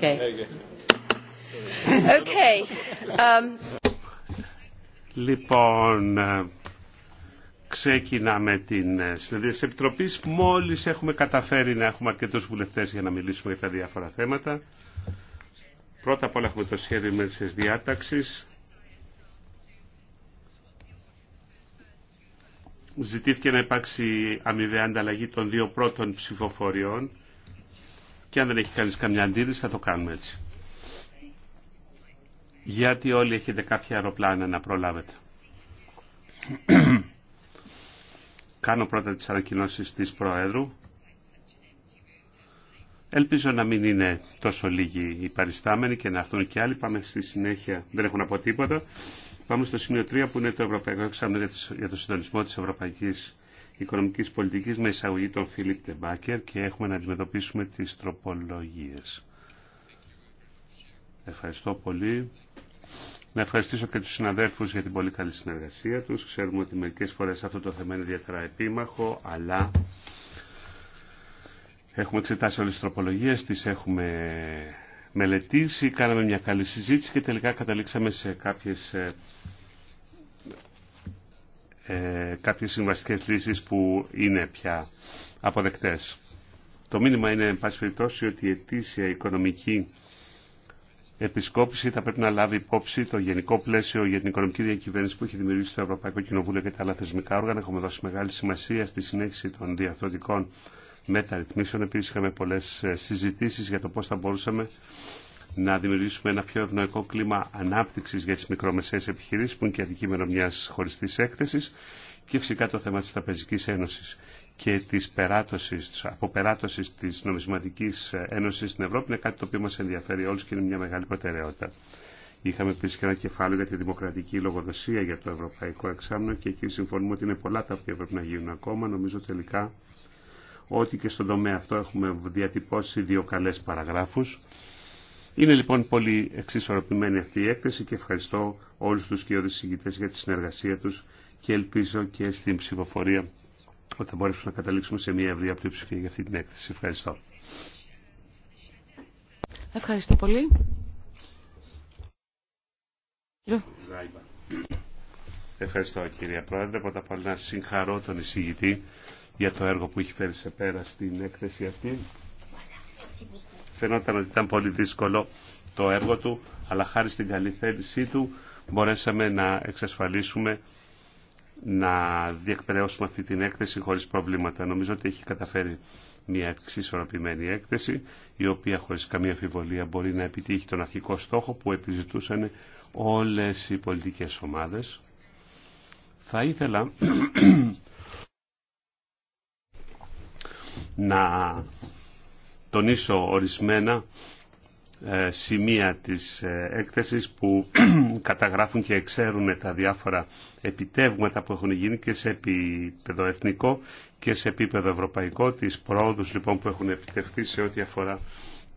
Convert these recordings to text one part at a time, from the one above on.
Okay. Okay. Um... Λοιπόν, ε, ξεκινάμε την ε, συνεδρία της Επιτροπής. Μόλις έχουμε καταφέρει να έχουμε αρκετούς βουλευτές για να μιλήσουμε για τα διάφορα θέματα. Πρώτα απ' όλα έχουμε το σχέδιο μέσης διάταξης. Ζητήθηκε να υπάρξει αμοιβαία ανταλλαγή των δύο πρώτων ψηφοφοριών και αν δεν έχει κανείς καμιά αντίρρηση θα το κάνουμε έτσι. Γιατί όλοι έχετε κάποια αεροπλάνα να προλάβετε. Κάνω πρώτα τις ανακοινώσεις της Προέδρου. Ελπίζω να μην είναι τόσο λίγοι οι παριστάμενοι και να έρθουν και άλλοι. Πάμε στη συνέχεια, δεν έχω να πω τίποτα. Πάμε στο σημείο 3 που είναι το Ευρωπαϊκό Εξάμεινο για το συντονισμό της Ευρωπαϊκής οικονομικής πολιτικής με εισαγωγή τον Φίλιπ Τεμπάκερ και έχουμε να αντιμετωπίσουμε τις τροπολογίες. Ευχαριστώ πολύ. Να ευχαριστήσω και τους συναδέλφους για την πολύ καλή συνεργασία τους. Ξέρουμε ότι μερικές φορές αυτό το θέμα είναι ιδιαίτερα επίμαχο, αλλά έχουμε εξετάσει όλες τις τροπολογίες, τις έχουμε μελετήσει, κάναμε μια καλή συζήτηση και τελικά καταλήξαμε σε κάποιες ε, ε, κάποιες συμβαστικές λύσεις που είναι πια αποδεκτές. Το μήνυμα είναι, εν πάση περιπτώσει, ότι η ετήσια οικονομική επισκόπηση θα πρέπει να λάβει υπόψη το γενικό πλαίσιο για την οικονομική διακυβέρνηση που έχει δημιουργήσει το Ευρωπαϊκό Κοινοβούλιο και τα άλλα θεσμικά όργανα. Έχουμε δώσει μεγάλη σημασία στη συνέχιση των διαφορετικών μεταρρυθμίσεων. Επίση, είχαμε πολλέ ε, συζητήσει για το πώ θα μπορούσαμε να δημιουργήσουμε ένα πιο ευνοϊκό κλίμα ανάπτυξης για τις μικρομεσαίες επιχειρήσεις που είναι και αντικείμενο μιας χωριστής έκθεσης και φυσικά το θέμα της Ταπεζικής Ένωσης και της περάτωσης, της αποπεράτωσης της Νομισματικής Ένωσης στην Ευρώπη είναι κάτι το οποίο μας ενδιαφέρει όλους και είναι μια μεγάλη προτεραιότητα. Είχαμε επίση και ένα κεφάλαιο για τη δημοκρατική λογοδοσία για το Ευρωπαϊκό Εξάμεινο και εκεί συμφωνούμε ότι είναι πολλά τα οποία πρέπει να γίνουν ακόμα. Νομίζω τελικά ότι και στον τομέα αυτό έχουμε διατυπώσει δύο καλές παραγράφους είναι λοιπόν πολύ εξισορροπημένη αυτή η έκθεση και ευχαριστώ όλους τους και όλους για τη συνεργασία τους και ελπίζω και στην ψηφοφορία ότι θα μπορέσουμε να καταλήξουμε σε μια ευρία πλειοψηφία για αυτή την έκθεση. Ευχαριστώ. Ευχαριστώ πολύ. Ευχαριστώ κυρία Πρόεδρε. Πρώτα απ' όλα να συγχαρώ τον εισηγητή για το έργο που έχει φέρει σε πέρα στην έκθεση αυτή φαινόταν ότι ήταν πολύ δύσκολο το έργο του, αλλά χάρη στην καλή θέλησή του μπορέσαμε να εξασφαλίσουμε να διεκπαιρεώσουμε αυτή την έκθεση χωρίς προβλήματα. Νομίζω ότι έχει καταφέρει μια εξισορροπημένη έκθεση, η οποία χωρίς καμία αφιβολία μπορεί να επιτύχει τον αρχικό στόχο που επιζητούσαν όλες οι πολιτικές ομάδες. Θα ήθελα να τονίσω ορισμένα ε, σημεία της ε, έκθεσης που καταγράφουν και εξέρουν τα διάφορα επιτεύγματα που έχουν γίνει και σε επίπεδο εθνικό και σε επίπεδο ευρωπαϊκό, τις πρόοδους λοιπόν που έχουν επιτευχθεί σε ό,τι αφορά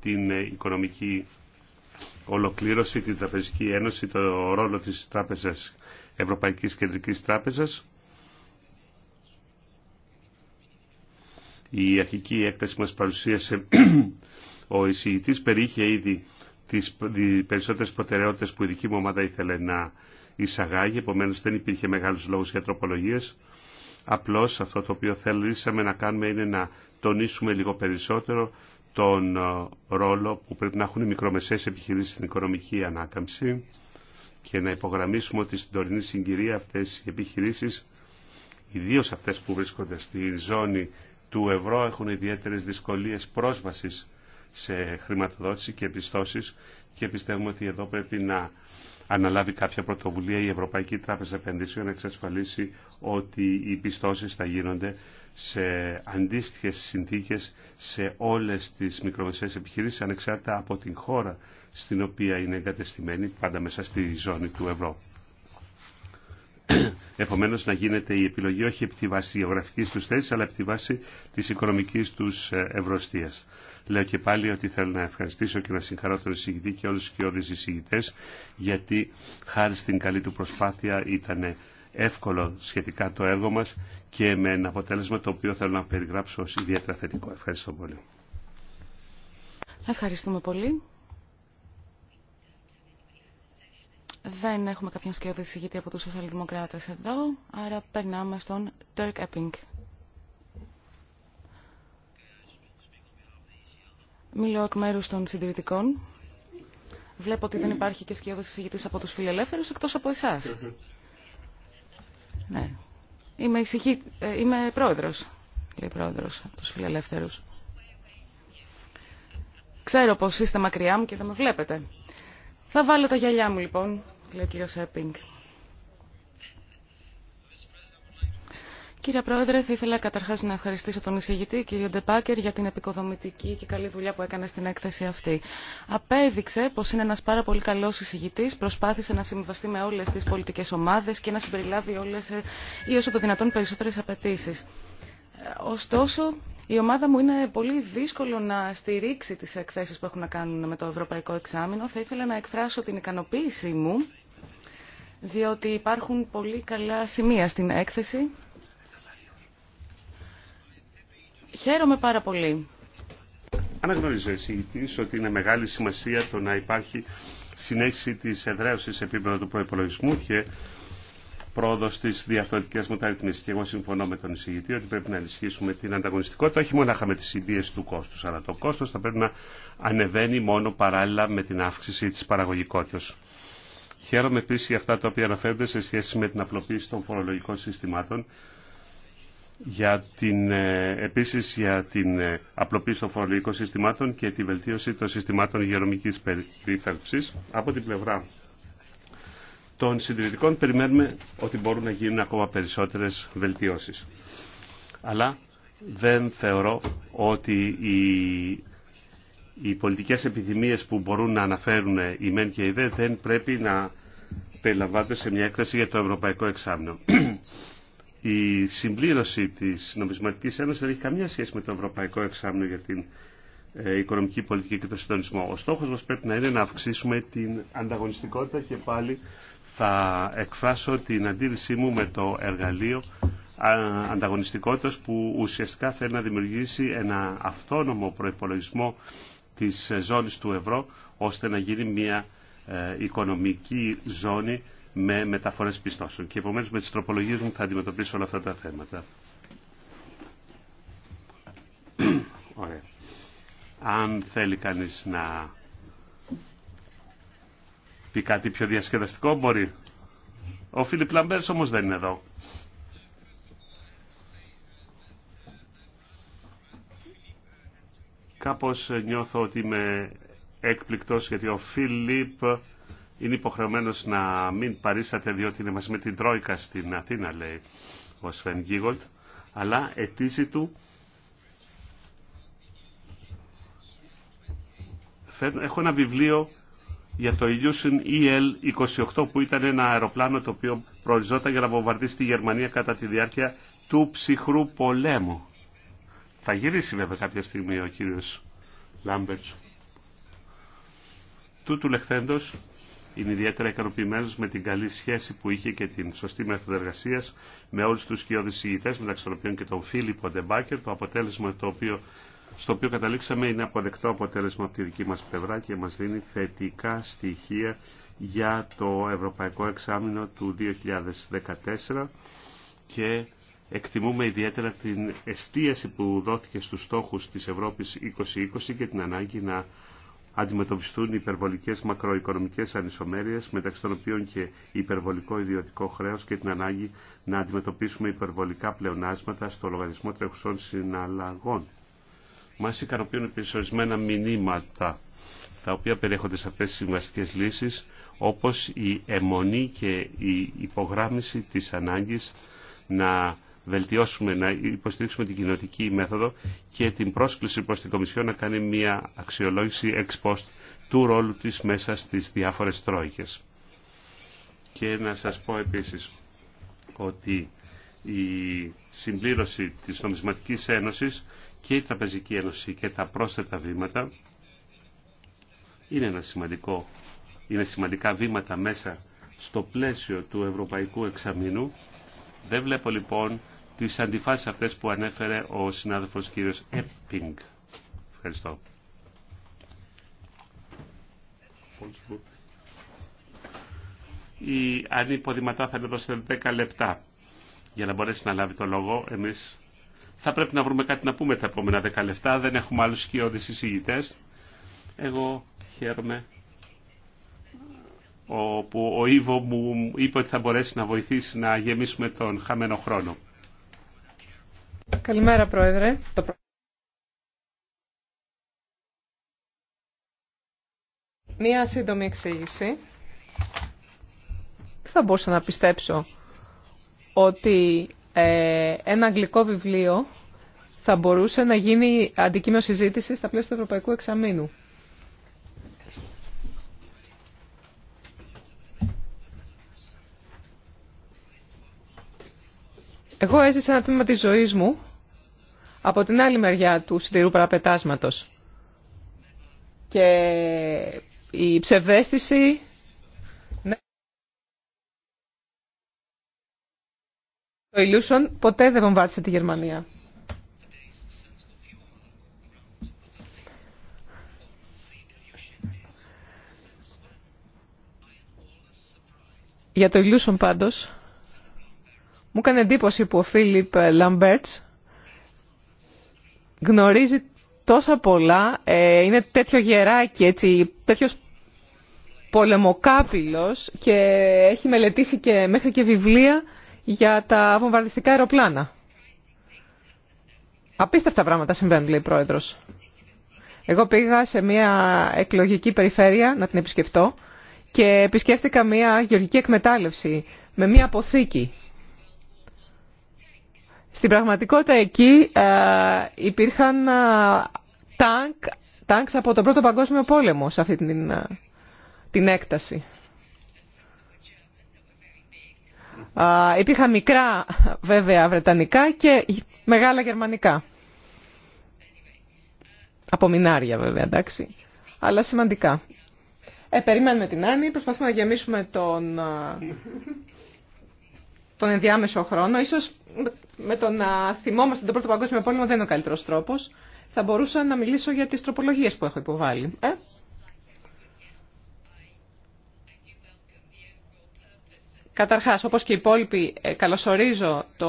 την ε, οικονομική ολοκλήρωση, την Τραπεζική Ένωση, το ρόλο της Τράπεζας Ευρωπαϊκής Κεντρικής Τράπεζας Η αρχική έκταση μας παρουσίασε ο εισηγητής περιείχε ήδη τις περισσότερες προτεραιότητες που η δική μου ομάδα ήθελε να εισαγάγει, επομένως δεν υπήρχε μεγάλους λόγους για τροπολογίες. Απλώς αυτό το οποίο θέλησαμε να κάνουμε είναι να τονίσουμε λίγο περισσότερο τον ε, ρόλο που πρέπει να έχουν οι μικρομεσαίες επιχειρήσεις στην οικονομική ανάκαμψη και να υπογραμμίσουμε ότι στην τωρινή συγκυρία αυτές οι επιχειρήσεις, ιδίως αυτές που βρίσκονται στη ζώνη του ευρώ έχουν ιδιαίτερες δυσκολίες πρόσβασης σε χρηματοδότηση και επιστώσεις και πιστεύουμε ότι εδώ πρέπει να αναλάβει κάποια πρωτοβουλία η Ευρωπαϊκή Τράπεζα Επενδύσεων να εξασφαλίσει ότι οι πιστώσεις θα γίνονται σε αντίστοιχες συνθήκες σε όλες τις μικρομεσαίες επιχειρήσεις ανεξάρτητα από την χώρα στην οποία είναι εγκατεστημένη πάντα μέσα στη ζώνη του ευρώ. Επομένω, να γίνεται η επιλογή όχι από τη βάση γεωγραφική του θέση, αλλά επί τη βάση τη οικονομική του ε, ευρωστία. Λέω και πάλι ότι θέλω να ευχαριστήσω και να συγχαρώ τον εισηγητή και όλου όλε κοιόδη εισηγητέ, γιατί χάρη στην καλή του προσπάθεια ήταν εύκολο σχετικά το έργο μα και με ένα αποτέλεσμα το οποίο θέλω να περιγράψω ω ιδιαίτερα θετικό. Ευχαριστώ πολύ. Ευχαριστούμε πολύ. Δεν έχουμε κάποιον σκιώδη εισηγητή από τους σοσιαλδημοκράτες εδώ, άρα περνάμε στον Τερκ Έπινγκ. Μιλώ εκ μέρους των συντηρητικών. Βλέπω ότι δεν υπάρχει και σκιώδη εισηγητής από τους φιλελεύθερους, εκτός από εσάς. Ναι. Είμαι, εισηγη... Ε, είμαι πρόεδρος, λέει πρόεδρος από τους φιλελεύθερους. Ξέρω πως είστε μακριά μου και δεν με βλέπετε. Θα βάλω τα γυαλιά μου λοιπόν, λέει ο κύριο Σέπινγκ. Κύριε Πρόεδρε, θα ήθελα καταρχά να ευχαριστήσω τον εισηγητή, κύριο Ντεπάκερ, για την επικοδομητική και καλή δουλειά που έκανε στην έκθεση αυτή. Απέδειξε πω είναι ένα πάρα πολύ καλό εισηγητή, προσπάθησε να συμβαστεί με όλε τι πολιτικέ ομάδε και να συμπεριλάβει όλε ε, ή όσο το δυνατόν περισσότερε απαιτήσει. Ε, ωστόσο, η ομάδα μου είναι πολύ δύσκολο να στηρίξει τις εκθέσεις που έχουν να κάνουν με το Ευρωπαϊκό Εξάμεινο. Θα ήθελα να εκφράσω την ικανοποίησή μου, διότι υπάρχουν πολύ καλά σημεία στην έκθεση. Χαίρομαι πάρα πολύ. Αναγνωρίζω εσύ ότι είναι μεγάλη σημασία το να υπάρχει συνέχιση της εδραίωσης επίπεδο του προϋπολογισμού και πρόοδο στι διαρθρωτικέ μεταρρυθμίσει. Και εγώ συμφωνώ με τον εισηγητή ότι πρέπει να ενισχύσουμε την ανταγωνιστικότητα, όχι μόνο με τι συμπίεση του κόστου, αλλά το κόστο θα πρέπει να ανεβαίνει μόνο παράλληλα με την αύξηση τη παραγωγικότητα. Χαίρομαι επίση για αυτά τα οποία αναφέρονται σε σχέση με την απλοποίηση των φορολογικών συστημάτων, για την, ε, επίσης για την ε, απλοποίηση των φορολογικών συστημάτων και τη βελτίωση των συστημάτων υγειονομικής περίθαλψης. Από την πλευρά των συντηρητικών περιμένουμε ότι μπορούν να γίνουν ακόμα περισσότερες βελτιώσεις. Αλλά δεν θεωρώ ότι οι οι πολιτικές επιθυμίες που μπορούν να αναφέρουν η ΜΕΝ και οι ΔΕ δεν πρέπει να περιλαμβάνονται σε μια έκθεση για το Ευρωπαϊκό Εξάμεινο. η συμπλήρωση της νομισματική Ένωσης δεν έχει καμία σχέση με το Ευρωπαϊκό Εξάμεινο για την ε, οικονομική πολιτική και το συντονισμό. Ο στόχος μας πρέπει να είναι να αυξήσουμε την ανταγωνιστικότητα και πάλι θα εκφράσω την αντίρρησή μου με το εργαλείο ανταγωνιστικότητας που ουσιαστικά θέλει να δημιουργήσει ένα αυτόνομο προϋπολογισμό της ζώνης του ευρώ ώστε να γίνει μια ε, οικονομική ζώνη με μεταφορές πιστώσεων. Και επομένως με τις τροπολογίες μου θα αντιμετωπίσω όλα αυτά τα θέματα. Ωραία. Αν θέλει κανείς να πει κάτι πιο διασκεδαστικό, μπορεί. Ο Φίλιπ Λαμπέρς όμως δεν είναι εδώ. Κάπως νιώθω ότι είμαι έκπληκτος γιατί ο Φίλιπ είναι υποχρεωμένος να μην παρίσταται διότι είναι μαζί με την Τρόικα στην Αθήνα, λέει ο Σφεν Γίγολτ, αλλά αιτήσει του έχω ένα βιβλίο για το ιλιουσιν e EL-28 που ήταν ένα αεροπλάνο το οποίο προοριζόταν για να βομβαρδίσει τη Γερμανία κατά τη διάρκεια του ψυχρού πολέμου. Θα γυρίσει βέβαια κάποια στιγμή ο κύριος Λάμπερτς. Τούτου λεχθέντος είναι ιδιαίτερα ικανοποιημένο με την καλή σχέση που είχε και την σωστή μέθοδο με όλου του κοιόδη ηγητέ, μεταξύ των οποίων και τον Φίλιππο Ντεμπάκερ, το αποτέλεσμα το οποίο στο οποίο καταλήξαμε είναι αποδεκτό αποτέλεσμα από τη δική μας πλευρά και μας δίνει θετικά στοιχεία για το Ευρωπαϊκό Εξάμεινο του 2014 και εκτιμούμε ιδιαίτερα την εστίαση που δόθηκε στους στόχους της Ευρώπης 2020 και την ανάγκη να αντιμετωπιστούν υπερβολικές μακροοικονομικές ανισομέρειες μεταξύ των οποίων και υπερβολικό ιδιωτικό χρέος και την ανάγκη να αντιμετωπίσουμε υπερβολικά πλεονάσματα στο λογαριασμό τρεχουσών συναλλαγών. Μας ικανοποιούν περισσορισμένα μηνύματα τα οποία περιέχονται σε αυτές τις συμβαστικές λύσεις, όπως η αιμονή και η υπογράμμιση της ανάγκης να βελτιώσουμε, να υποστηρίξουμε την κοινοτική μέθοδο και την πρόσκληση προς την Κομισιόν να κάνει μια αξιολόγηση ex post του ρόλου της μέσα στις διάφορες τρόικες. Και να σας πω επίσης ότι η συμπλήρωση της Νομισματικής Ένωσης και η Τραπεζική Ένωση και τα πρόσθετα βήματα είναι, ένα σημαντικό, είναι σημαντικά βήματα μέσα στο πλαίσιο του Ευρωπαϊκού Εξαμήνου. Δεν βλέπω λοιπόν τις αντιφάσεις αυτές που ανέφερε ο συνάδελφος κύριος Εππινγκ. Ευχαριστώ. Οι ανυποδηματά θα θα εδώ τα 10 λεπτά για να μπορέσει να λάβει το λόγο. Εμείς θα πρέπει να βρούμε κάτι να πούμε τα επόμενα δέκα λεφτά. Δεν έχουμε άλλους σκιώδεις εισηγητές. Εγώ χαίρομαι όπου ο Ήβο μου είπε ότι θα μπορέσει να βοηθήσει να γεμίσουμε τον χαμένο χρόνο. Καλημέρα, Πρόεδρε. Μία σύντομη εξήγηση. θα μπορούσα να πιστέψω ότι ε, ένα αγγλικό βιβλίο θα μπορούσε να γίνει αντικείμενο συζήτηση στα πλαίσια του Ευρωπαϊκού Εξαμήνου. Εγώ έζησα ένα τμήμα της ζωής μου από την άλλη μεριά του σιδηρού παραπετάσματος. Και η ψευδέστηση Το Illusion ποτέ δεν βομβάρτισε τη Γερμανία. Για το Illusion πάντως, μου έκανε εντύπωση που ο Φίλιπ Λαμπέρτς γνωρίζει τόσα πολλά, ε, είναι τέτοιο γεράκι, έτσι, τέτοιος πολεμοκάπηλος και έχει μελετήσει και μέχρι και βιβλία για τα βομβαρδιστικά αεροπλάνα. Απίστευτα πράγματα συμβαίνουν, λέει ο Πρόεδρος. Εγώ πήγα σε μια εκλογική περιφέρεια να την επισκεφτώ και επισκέφτηκα μια γεωργική εκμετάλλευση με μια αποθήκη. Στην πραγματικότητα εκεί ε, υπήρχαν ε, τάγκ, τάγκς από τον Πρώτο Παγκόσμιο Πόλεμο σε αυτή την, ε, την έκταση. υπήρχαν μικρά βέβαια βρετανικά και μεγάλα γερμανικά. από μινάρια βέβαια, εντάξει. Αλλά σημαντικά. Ε, περιμένουμε την Άννη, προσπαθούμε να γεμίσουμε τον, τον ενδιάμεσο χρόνο. Ίσως με το να θυμόμαστε τον Πρώτο Παγκόσμιο Πόλεμο δεν είναι ο καλύτερος τρόπος. Θα μπορούσα να μιλήσω για τις τροπολογίες που έχω υποβάλει. Ε? Καταρχάς, όπως και οι υπόλοιποι, ε, καλωσορίζω το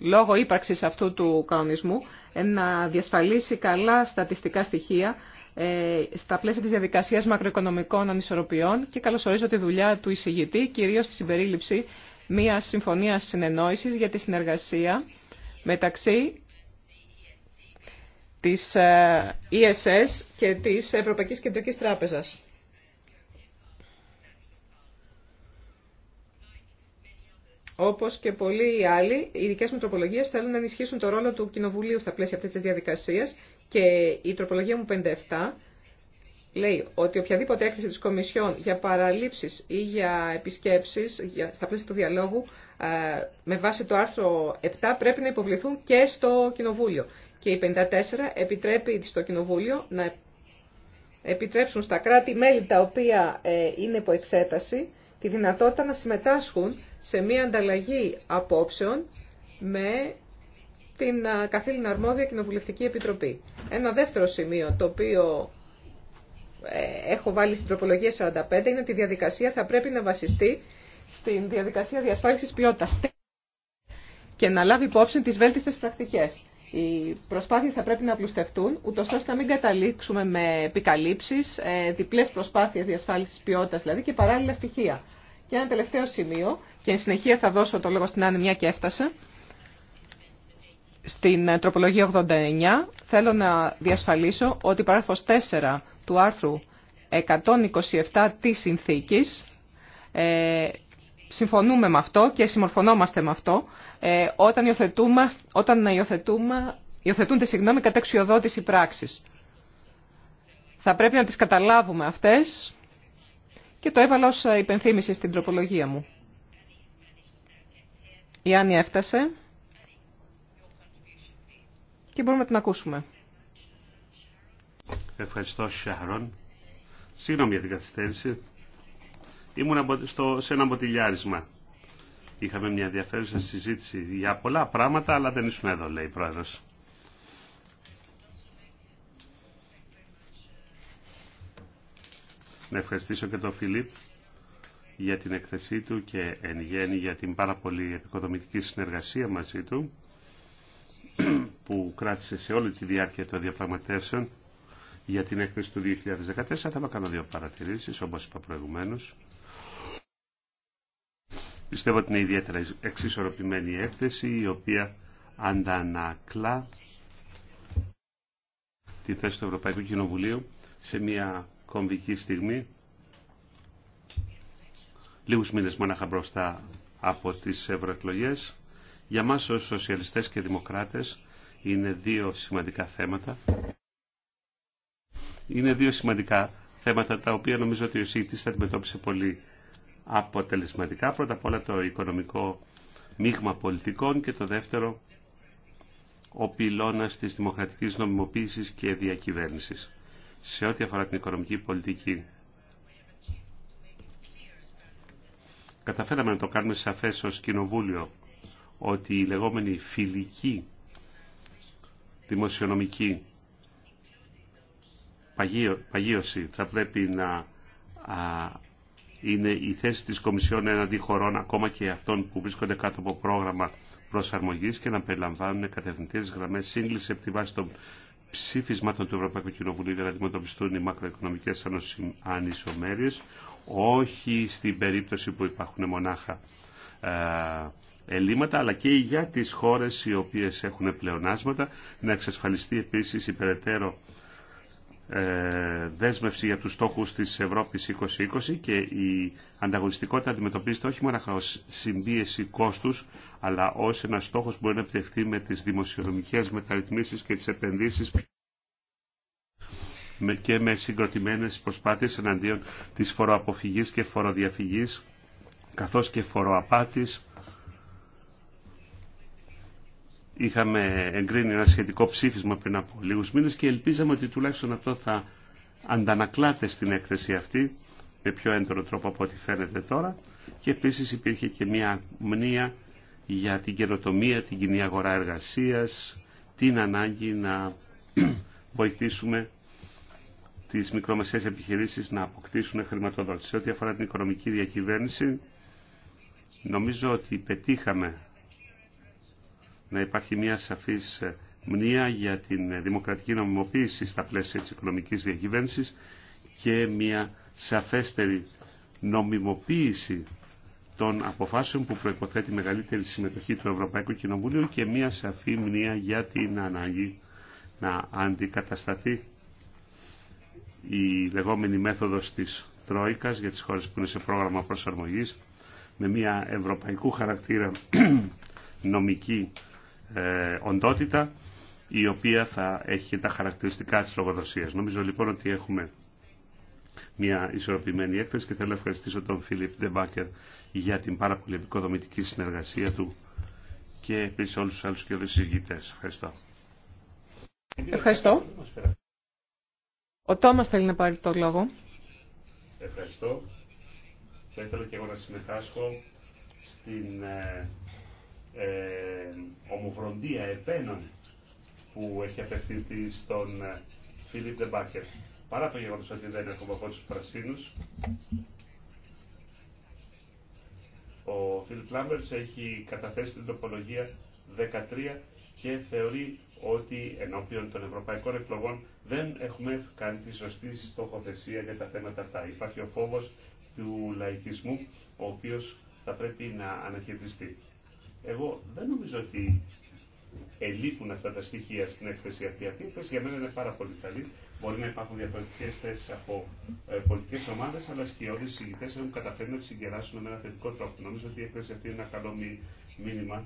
λόγο ύπαρξης αυτού του κανονισμού ε, να διασφαλίσει καλά στατιστικά στοιχεία ε, στα πλαίσια της διαδικασίας μακροοικονομικών ανισορροπιών και καλωσορίζω τη δουλειά του εισηγητή, κυρίως στη συμπερίληψη μιας συμφωνίας συνεννόησης για τη συνεργασία μεταξύ της ESS και της Ευρωπαϊκής Κεντρικής Τράπεζας. Όπως και πολλοί άλλοι, οι ειδικέ μου τροπολογίες θέλουν να ενισχύσουν το ρόλο του Κοινοβουλίου στα πλαίσια αυτής της διαδικασίας και η τροπολογία μου 57 λέει ότι οποιαδήποτε έκθεση της Κομισιόν για παραλήψεις ή για επισκέψεις στα πλαίσια του διαλόγου ε, με βάση το άρθρο 7 πρέπει να υποβληθούν και στο Κοινοβούλιο. Και η 54 επιτρέπει στο Κοινοβούλιο να επιτρέψουν στα κράτη-μέλη τα οποία ε, είναι υπό εξέταση τη δυνατότητα να συμμετάσχουν σε μία ανταλλαγή απόψεων με την καθήλυνα αρμόδια κοινοβουλευτική επιτροπή. Ένα δεύτερο σημείο το οποίο ε, έχω βάλει στην τροπολογία 45 είναι ότι η διαδικασία θα πρέπει να βασιστεί στην διαδικασία διασφάλισης ποιότητας και να λάβει υπόψη τις βέλτιστες πρακτικές. Οι προσπάθειες θα πρέπει να πλουστευτούν, ούτως ώστε να μην καταλήξουμε με επικαλύψεις, ε, διπλές προσπάθειες διασφάλισης ποιότητας δηλαδή και παράλληλα στοιχεία. Και ένα τελευταίο σημείο, και εν συνεχεία θα δώσω το λόγο στην Άννη μια και έφτασε, στην ε, τροπολογία 89 θέλω να διασφαλίσω ότι παράγραφος 4 του άρθρου 127 της συνθήκης ε, συμφωνούμε με αυτό και συμμορφωνόμαστε με αυτό ε, όταν, υιοθετούμε, όταν υιοθετούμε, υιοθετούνται συγγνώμη εξουσιοδότηση πράξης. Θα πρέπει να τις καταλάβουμε αυτές και το έβαλα ως υπενθύμηση στην τροπολογία μου. Η Άννη έφτασε και μπορούμε να την ακούσουμε. Ευχαριστώ Σιάρον. Συγγνώμη για την καθυστέρηση. Ήμουν στο, σε ένα μποτιλιάρισμα. Είχαμε μια ενδιαφέρουσα συζήτηση για πολλά πράγματα, αλλά δεν ήσουν εδώ, λέει η πρόεδρος. Να ευχαριστήσω και τον Φιλίπ για την εκθεσή του και εν γέννη για την πάρα πολύ επικοδομητική συνεργασία μαζί του που κράτησε σε όλη τη διάρκεια των διαπραγματεύσεων για την έκθεση του 2014. Θα κάνω δύο παρατηρήσεις όπως είπα προηγουμένως. Πιστεύω ότι είναι ιδιαίτερα εξισορροπημένη η έκθεση η οποία αντανακλά τη θέση του Ευρωπαϊκού Κοινοβουλίου σε μια κομβική στιγμή λίγους μήνες μόναχα μπροστά από τις ευρωεκλογέ. Για μας ως σοσιαλιστές και δημοκράτες είναι δύο σημαντικά θέματα. Είναι δύο σημαντικά θέματα τα οποία νομίζω ότι ο ΣΥΤΙΣ θα αντιμετώπισε πολύ αποτελεσματικά. Πρώτα απ' όλα το οικονομικό μείγμα πολιτικών και το δεύτερο ο πυλώνας της δημοκρατικής νομιμοποίησης και διακυβέρνησης. Σε ό,τι αφορά την οικονομική πολιτική, καταφέραμε να το κάνουμε σαφές ως κοινοβούλιο ότι η λεγόμενη φιλική δημοσιονομική παγίωση θα πρέπει να είναι η θέση της Κομισιόν έναντι χωρών ακόμα και αυτών που βρίσκονται κάτω από πρόγραμμα προσαρμογής και να περιλαμβάνουν κατευθυντές γραμμές σύγκληση από τη βάση των ψήφισματων του Ευρωπαϊκού Κοινοβουλίου για να αντιμετωπιστούν οι μακροοικονομικές ανισομέρειες, όχι στην περίπτωση που υπάρχουν μονάχα ε, ελλείμματα, αλλά και για τις χώρες οι οποίες έχουν πλεονάσματα, να εξασφαλιστεί επίσης υπεραιτέρω ε, δέσμευση για τους στόχους της Ευρώπης 2020 και η ανταγωνιστικότητα αντιμετωπίζεται όχι μόνο ως συμπίεση κόστους, αλλά ως ένα στόχος που μπορεί να επιτευχθεί με τις δημοσιονομικές μεταρρυθμίσεις και τις επενδύσεις και με συγκροτημένες προσπάθειες εναντίον της φοροαποφυγής και φοροδιαφυγής καθώς και φοροαπάτης Είχαμε εγκρίνει ένα σχετικό ψήφισμα πριν από λίγου μήνες και ελπίζαμε ότι τουλάχιστον αυτό θα αντανακλάται στην έκθεση αυτή με πιο έντονο τρόπο από ό,τι φαίνεται τώρα και επίσης υπήρχε και μια μνήμα για την καινοτομία, την κοινή αγορά εργασία, την ανάγκη να βοηθήσουμε τις μικρομεσαίες επιχειρήσει να αποκτήσουν χρηματοδότηση. Ό,τι αφορά την οικονομική διακυβέρνηση, νομίζω ότι πετύχαμε να υπάρχει μια σαφής ε, μνήμα για την ε, δημοκρατική νομιμοποίηση στα πλαίσια της οικονομικής διακυβέρνησης και μια σαφέστερη νομιμοποίηση των αποφάσεων που προϋποθέτει μεγαλύτερη συμμετοχή του Ευρωπαϊκού Κοινοβουλίου και μια σαφή μνήμα για την ανάγκη να αντικατασταθεί η λεγόμενη μέθοδος της Τρόικας για τις χώρες που είναι σε πρόγραμμα προσαρμογής με μια ευρωπαϊκού χαρακτήρα νομική ε, οντότητα η οποία θα έχει τα χαρακτηριστικά της λογοδοσίας. Νομίζω λοιπόν ότι έχουμε μια ισορροπημένη έκθεση και θέλω να ευχαριστήσω τον Φίλιπ Ντεμπάκερ για την πάρα πολύ επικοδομητική συνεργασία του και επίσης όλους τους άλλους και όλους Ευχαριστώ. Ευχαριστώ. Ο Τόμας θέλει να πάρει το λόγο. Ευχαριστώ. Θα ήθελα και εγώ να συμμετάσχω στην ε, ε, ομοφροντία επένων που έχει απευθυνθεί στον ε, Φίλιπ Ντεμπάκερ. Παρά το γεγονό ότι δεν έχουμε από του πρασίνου, ο Φίλιπ Λάμπερτ έχει καταθέσει την τοπολογία 13 και θεωρεί ότι ενώπιον των ευρωπαϊκών εκλογών δεν έχουμε κάνει τη σωστή στοχοθεσία για τα θέματα αυτά. Υπάρχει ο φόβος του λαϊκισμού, ο οποίος θα πρέπει να αναχαιριστεί. Εγώ δεν νομίζω ότι ελείπουν αυτά τα στοιχεία στην έκθεση αυτή. Αυτή η έκθεση για μένα είναι πάρα πολύ καλή. Μπορεί να υπάρχουν διαφορετικέ θέσει από ε, πολιτικέ ομάδε, αλλά οι συγκητέ έχουν καταφέρει να τι συγκεράσουν με ένα θετικό τρόπο. Νομίζω ότι η έκθεση αυτή είναι ένα καλό μή, μήνυμα.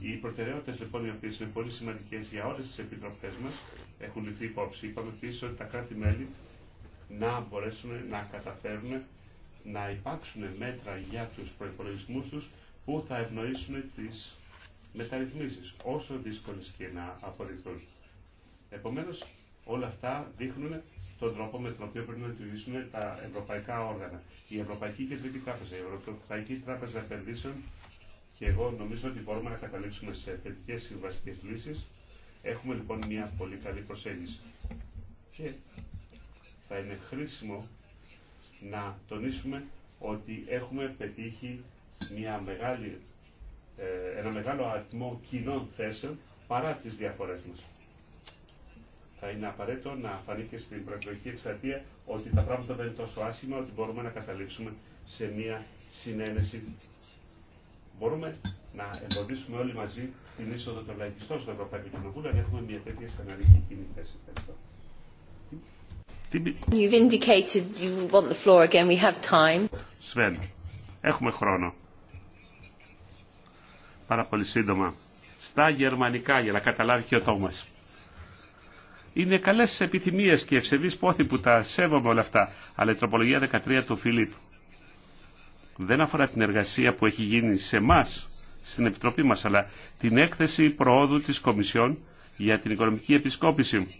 Οι προτεραιότητε λοιπόν οι οποίε είναι πολύ σημαντικέ για όλε τι επιτροπέ μα έχουν λυθεί υπόψη. Είπαμε επίση ότι τα κράτη-μέλη να μπορέσουν να καταφέρουν να υπάρξουν μέτρα για του προπολογισμού του που θα ευνοήσουν τις μεταρρυθμίσεις, όσο δύσκολες και να απορριφθούν. Επομένως, όλα αυτά δείχνουν τον τρόπο με τον οποίο πρέπει να λειτουργήσουν τα ευρωπαϊκά όργανα. Η Ευρωπαϊκή Κεντρική Τράπεζα, η Ευρωπαϊκή Τράπεζα Επενδύσεων και εγώ νομίζω ότι μπορούμε να καταλήξουμε σε θετικέ συμβαστικέ λύσει. Έχουμε λοιπόν μια πολύ καλή προσέγγιση. Και θα είναι χρήσιμο να τονίσουμε ότι έχουμε πετύχει μια μεγάλη, ε, ένα μεγάλο αριθμό κοινών θέσεων παρά τις διαφορές μας. Θα είναι απαραίτητο να φανεί και στην προεκλογική εξαρτία ότι τα πράγματα δεν είναι τόσο άσχημα, ότι μπορούμε να καταλήξουμε σε μια συνένεση. Μπορούμε να εμποδίσουμε όλοι μαζί την είσοδο των λαϊκιστών στο Ευρωπαϊκό Κοινοβούλιο αν έχουμε μια τέτοια στεναρική κοινή θέση. Ευχαριστώ. έχουμε χρόνο πάρα πολύ σύντομα στα γερμανικά για να καταλάβει και ο Τόμας. Είναι καλές επιθυμίες και ευσεβείς πόθη που τα σέβομαι όλα αυτά, αλλά η τροπολογία 13 του Φιλίπ δεν αφορά την εργασία που έχει γίνει σε εμά στην Επιτροπή μας, αλλά την έκθεση προόδου της Κομισιόν για την Οικονομική Επισκόπηση.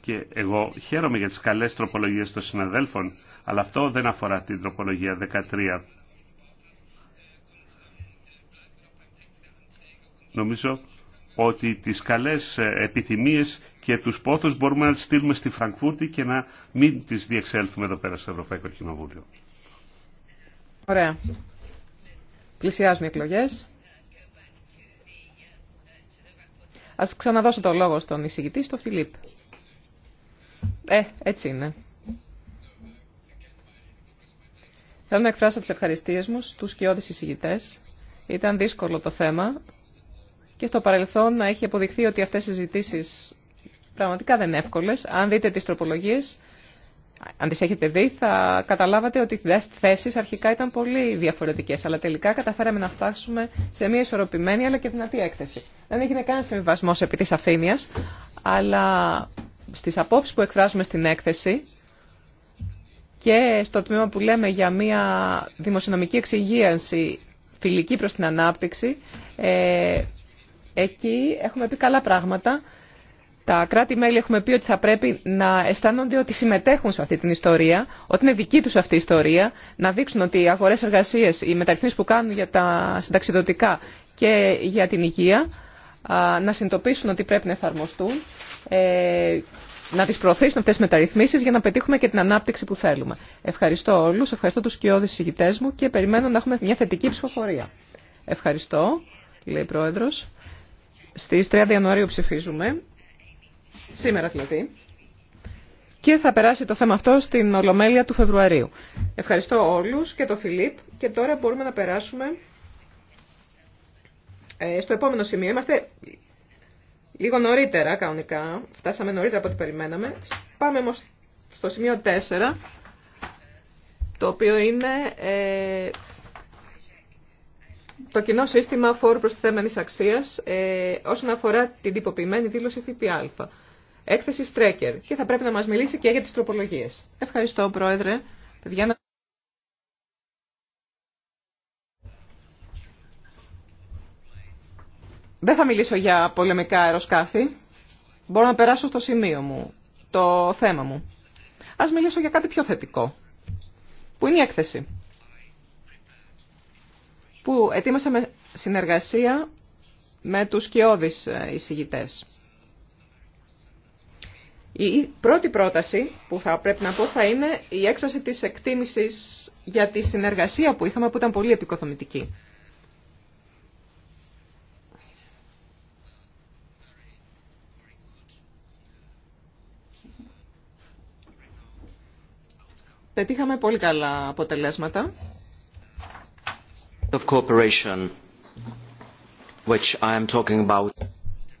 Και εγώ χαίρομαι για τις καλές τροπολογίες των συναδέλφων, αλλά αυτό δεν αφορά την τροπολογία 13. Νομίζω ότι τις καλές ε, επιθυμίες και τους πόθους μπορούμε να τις στείλουμε στη Φραγκφούρτη και να μην τις διεξέλθουμε εδώ πέρα στο Ευρωπαϊκό Κοινοβούλιο. Ωραία. Πλησιάζουν οι εκλογές. Ας ξαναδώσω το λόγο στον εισηγητή, στον Φιλίπ. Ε, έτσι είναι. Θέλω να εκφράσω τις ευχαριστίες μου στους κοιόδης εισηγητές. Ήταν δύσκολο το θέμα και στο παρελθόν να έχει αποδειχθεί ότι αυτές οι συζητήσει πραγματικά δεν είναι εύκολες. Αν δείτε τις τροπολογίες, αν τις έχετε δει, θα καταλάβατε ότι οι θέσεις αρχικά ήταν πολύ διαφορετικές, αλλά τελικά καταφέραμε να φτάσουμε σε μια ισορροπημένη αλλά και δυνατή έκθεση. Δεν έγινε κανένα συμβιβασμό επί της αφήνειας, αλλά στις απόψεις που εκφράζουμε στην έκθεση και στο τμήμα που λέμε για μια δημοσιονομική εξυγίανση φιλική προς την ανάπτυξη, ε, Εκεί έχουμε πει καλά πράγματα. Τα κράτη-μέλη έχουμε πει ότι θα πρέπει να αισθάνονται ότι συμμετέχουν σε αυτή την ιστορία, ότι είναι δική του αυτή η ιστορία, να δείξουν ότι οι αγορέ εργασίες, οι μεταρρυθμίσεις που κάνουν για τα συνταξιδοτικά και για την υγεία, να συνειδητοποιήσουν ότι πρέπει να εφαρμοστούν, ε, να τι προωθήσουν αυτέ τι μεταρρυθμίσεις για να πετύχουμε και την ανάπτυξη που θέλουμε. Ευχαριστώ όλου, ευχαριστώ τους κοιόδης συζητητές μου και περιμένω να έχουμε μια θετική ψηφοφορία. Ευχαριστώ, λέει στις 30 Ιανουαρίου ψηφίζουμε, σήμερα δηλαδή, και θα περάσει το θέμα αυτό στην Ολομέλεια του Φεβρουαρίου. Ευχαριστώ όλους και τον Φιλίπ και τώρα μπορούμε να περάσουμε ε, στο επόμενο σημείο. Είμαστε λίγο νωρίτερα κανονικά, φτάσαμε νωρίτερα από ό,τι περιμέναμε. Πάμε όμως στο σημείο 4, το οποίο είναι ε, το κοινό σύστημα φόρου προστιθέμενης αξίας ε, όσον αφορά την τυποποιημένη δήλωση ΦΠΑ. Έκθεση Στρέκερ και θα πρέπει να μας μιλήσει και για τις τροπολογίες. Ευχαριστώ Πρόεδρε. Δεν θα μιλήσω για πολεμικά αεροσκάφη. Μπορώ να περάσω στο σημείο μου, το θέμα μου. Ας μιλήσω για κάτι πιο θετικό, που είναι η έκθεση που ετοίμασαμε συνεργασία με τους σκιώδεις ε, εισηγητές. Η πρώτη πρόταση που θα πρέπει να πω θα είναι η έκφραση της εκτίμησης για τη συνεργασία που είχαμε που ήταν πολύ επικοδομητική. Πετύχαμε πολύ καλά αποτελέσματα. Of cooperation, which I am talking about.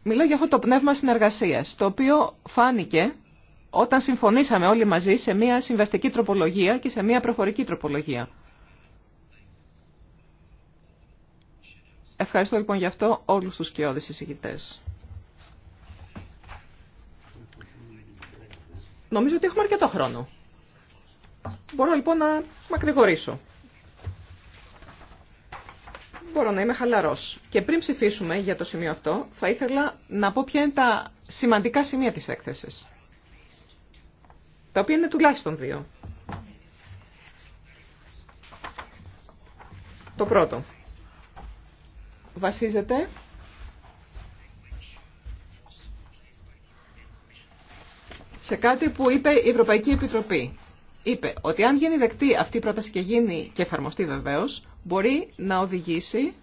Μιλώ για αυτό το πνεύμα συνεργασίας, το οποίο φάνηκε όταν συμφωνήσαμε όλοι μαζί σε μια συμβαστική τροπολογία και σε μια προφορική τροπολογία. Ευχαριστώ λοιπόν γι' αυτό όλους τους κοιόδης εισηγητές. Νομίζω ότι έχουμε αρκετό χρόνο. Μπορώ λοιπόν να μακρηγορήσω μπορώ να είμαι χαλαρό. Και πριν ψηφίσουμε για το σημείο αυτό, θα ήθελα να πω ποια είναι τα σημαντικά σημεία τη έκθεση. Τα οποία είναι τουλάχιστον δύο. Το πρώτο. Βασίζεται σε κάτι που είπε η Ευρωπαϊκή Επιτροπή. Είπε ότι αν γίνει δεκτή αυτή η πρόταση και γίνει και εφαρμοστεί βεβαίως, μπορεί να οδηγήσει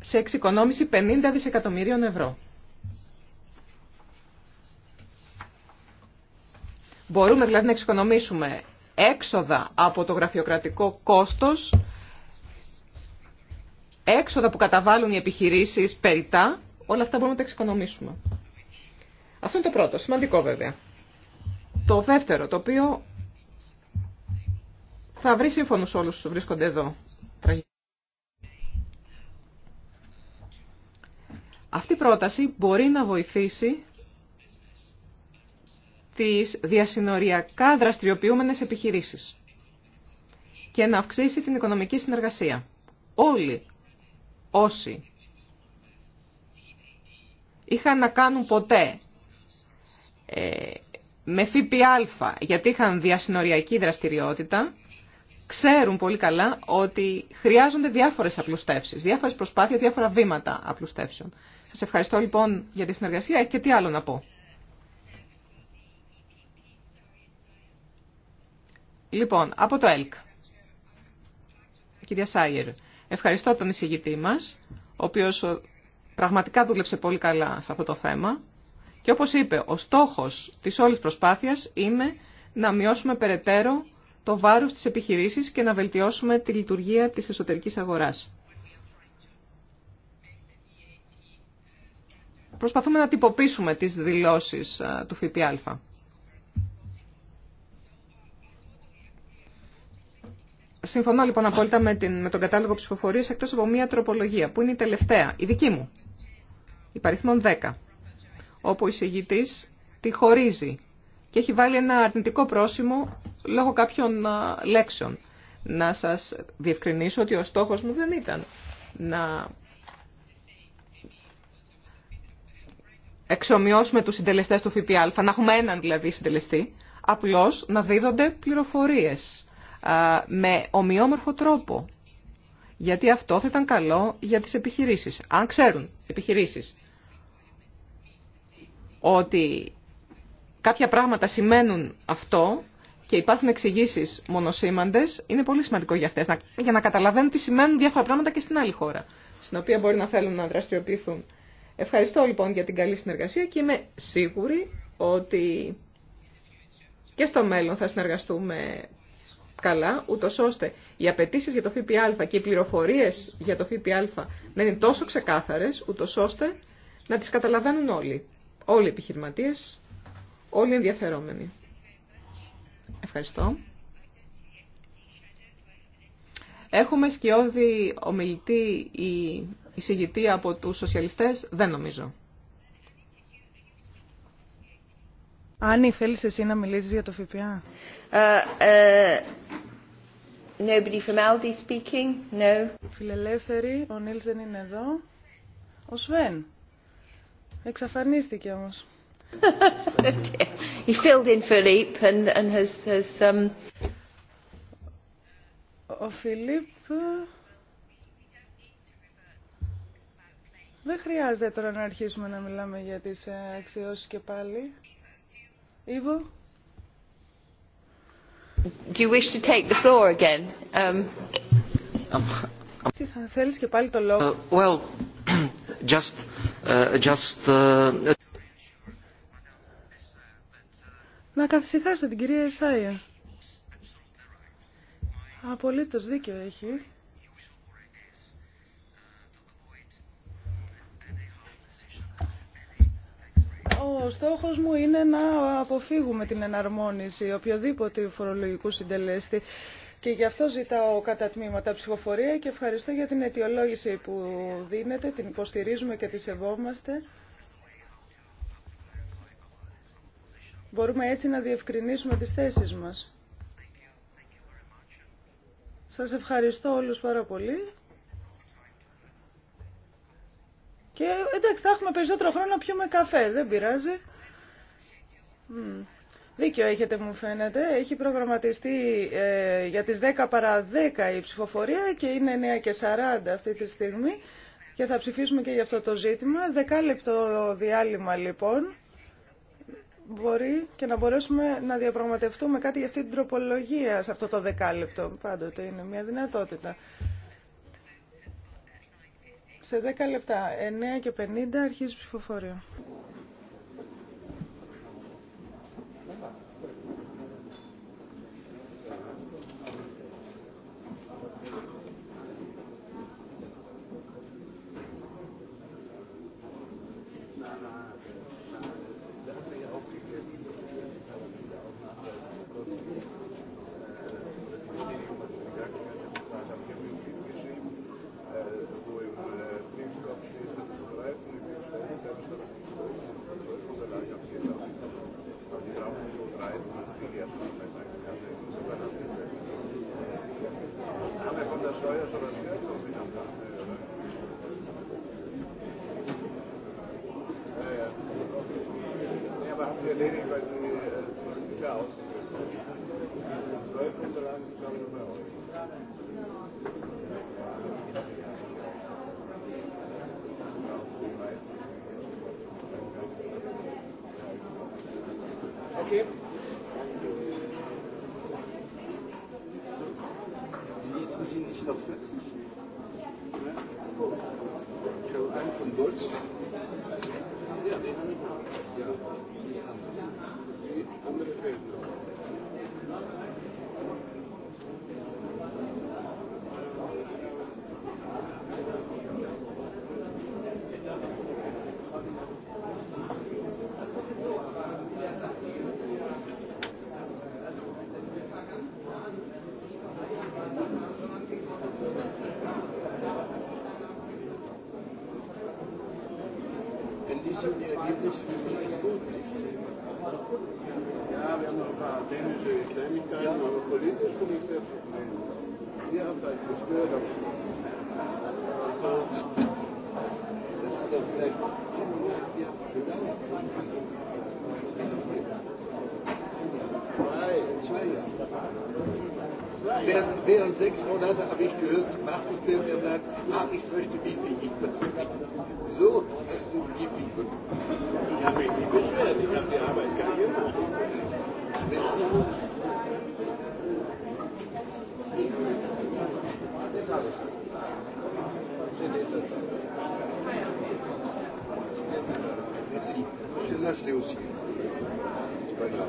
σε εξοικονόμηση 50 δισεκατομμυρίων ευρώ. Μπορούμε δηλαδή να εξοικονομήσουμε έξοδα από το γραφειοκρατικό κόστος, έξοδα που καταβάλουν οι επιχειρήσεις περιτά, όλα αυτά μπορούμε να τα εξοικονομήσουμε. Αυτό είναι το πρώτο, σημαντικό βέβαια. Το δεύτερο, το οποίο θα βρει σύμφωνο όλους που βρίσκονται εδώ. Αυτή η πρόταση μπορεί να βοηθήσει τις διασυνοριακά δραστηριοποιούμενες επιχειρήσεις και να αυξήσει την οικονομική συνεργασία. Όλοι όσοι είχαν να κάνουν ποτέ ε, με ΦΠΑ γιατί είχαν διασυνοριακή δραστηριότητα ξέρουν πολύ καλά ότι χρειάζονται διάφορες απλουστεύσεις, διάφορες προσπάθειες, διάφορα βήματα απλουστεύσεων. Σας ευχαριστώ λοιπόν για τη συνεργασία και τι άλλο να πω. Λοιπόν, από το ΕΛΚ. Κυρία Σάιερ, ευχαριστώ τον εισηγητή μας, ο οποίος πραγματικά δούλεψε πολύ καλά σε αυτό το θέμα. Και όπως είπε, ο στόχος της όλης προσπάθειας είναι να μειώσουμε περαιτέρω το βάρος της επιχειρήσης και να βελτιώσουμε τη λειτουργία της εσωτερικής αγοράς. Προσπαθούμε να τυποποιήσουμε τις δηλώσεις του ΦΠΑ. Συμφωνώ λοιπόν απόλυτα με, την, με τον κατάλογο ψηφοφορίας εκτός από μία τροπολογία που είναι η τελευταία, η δική μου, η παριθμόν 10, όπου ο εισηγητής τη χωρίζει και έχει βάλει ένα αρνητικό πρόσημο λόγω κάποιων λέξεων. Να σας διευκρινίσω ότι ο στόχος μου δεν ήταν να εξομοιώσουμε τους συντελεστές του ΦΠΑ, να έχουμε έναν δηλαδή συντελεστή, απλώς να δίδονται πληροφορίες με ομοιόμορφο τρόπο. Γιατί αυτό θα ήταν καλό για τις επιχειρήσεις. Αν ξέρουν επιχειρήσεις ότι κάποια πράγματα σημαίνουν αυτό, και υπάρχουν εξηγήσει μονοσήμαντε, είναι πολύ σημαντικό για αυτέ, για να καταλαβαίνουν τι σημαίνουν διάφορα πράγματα και στην άλλη χώρα, στην οποία μπορεί να θέλουν να δραστηριοποιηθούν. Ευχαριστώ λοιπόν για την καλή συνεργασία και είμαι σίγουρη ότι και στο μέλλον θα συνεργαστούμε καλά, ούτω ώστε οι απαιτήσει για το ΦΠΑ και οι πληροφορίε για το ΦΠΑ να είναι τόσο ξεκάθαρε, ούτω ώστε να τι καταλαβαίνουν όλοι. Όλοι οι επιχειρηματίε, όλοι οι ενδιαφερόμενοι. Ευχαριστώ. Έχουμε σκιώδη ομιλητή ή εισηγητή από τους σοσιαλιστές, δεν νομίζω. Άννη, θέλεις εσύ να μιλήσεις για το ΦΠΑ. Ε, ε, nobody from Aldi speaking, no. Φιλελεύθερη, ο Νίλς δεν είναι εδώ. Ο Σβέν. Εξαφανίστηκε όμως. Oh He filled in Philippe and, and has, has um... Ο Φιλίπ δεν χρειάζεται τώρα να αρχίσουμε να μιλάμε για τις ε, αξιώσεις και πάλι. Ήβο. Do you wish to take the floor again? Um... um, um θα θέλεις και πάλι το λόγο. Uh, well, just, uh, just uh, Να καθησυχάσω την κυρία Εσάια. Απολύτως δίκιο έχει. Ο στόχος μου είναι να αποφύγουμε την εναρμόνιση οποιοδήποτε φορολογικού συντελέστη και γι' αυτό ζητάω κατά τμήματα ψηφοφορία και ευχαριστώ για την αιτιολόγηση που δίνετε, την υποστηρίζουμε και τη σεβόμαστε. Μπορούμε έτσι να διευκρινίσουμε τις θέσεις μας. Σας ευχαριστώ όλους πάρα πολύ. Και εντάξει, θα έχουμε περισσότερο χρόνο να πιούμε καφέ, δεν πειράζει. Mm. Δίκιο έχετε μου φαίνεται. Έχει προγραμματιστεί ε, για τις 10 παρα 10 η ψηφοφορία και είναι 9 και 40 αυτή τη στιγμή και θα ψηφίσουμε και για αυτό το ζήτημα. Δεκάλεπτο διάλειμμα λοιπόν μπορεί και να μπορέσουμε να διαπραγματευτούμε κάτι για αυτή την τροπολογία σε αυτό το δεκάλεπτο. Πάντοτε είναι μια δυνατότητα. Σε 10 λεπτά, 9 και 50 αρχίζει η ψηφοφορία. Ja, wir haben noch paar dänische Kleinigkeiten, aber politisch bin ich Zwei Jahre. Während, während sechs Monate habe ich gehört, Nachrichten mir sagen, ach, ich möchte Wifi. So hast du Wifi Ich habe mich nicht beschwert, ich habe die Arbeit gar gemacht. Wenn Merci. Celle-là, Je l'ai aussi. C'est pas grave.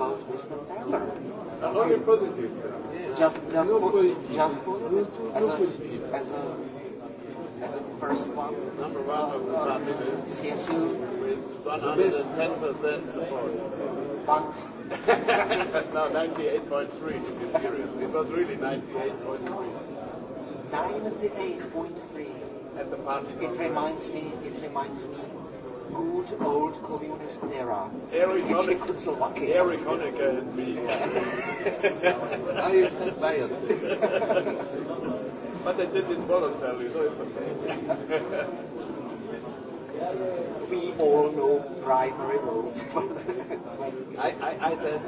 about Mr. Taylor. Only positive, sir. Just, just, just positive. As a, as a, first one. Number one of the families. CSU. With 110% support. But. no, 98.3 to be serious. It was really 98.3. 98.3. At the party. It reminds me. It reminds me good old communist era. Eric Honecker. Eric Honecker and me. I used that Bayern. But I did it voluntarily, so it's okay. we all know primary roles. I, I, I said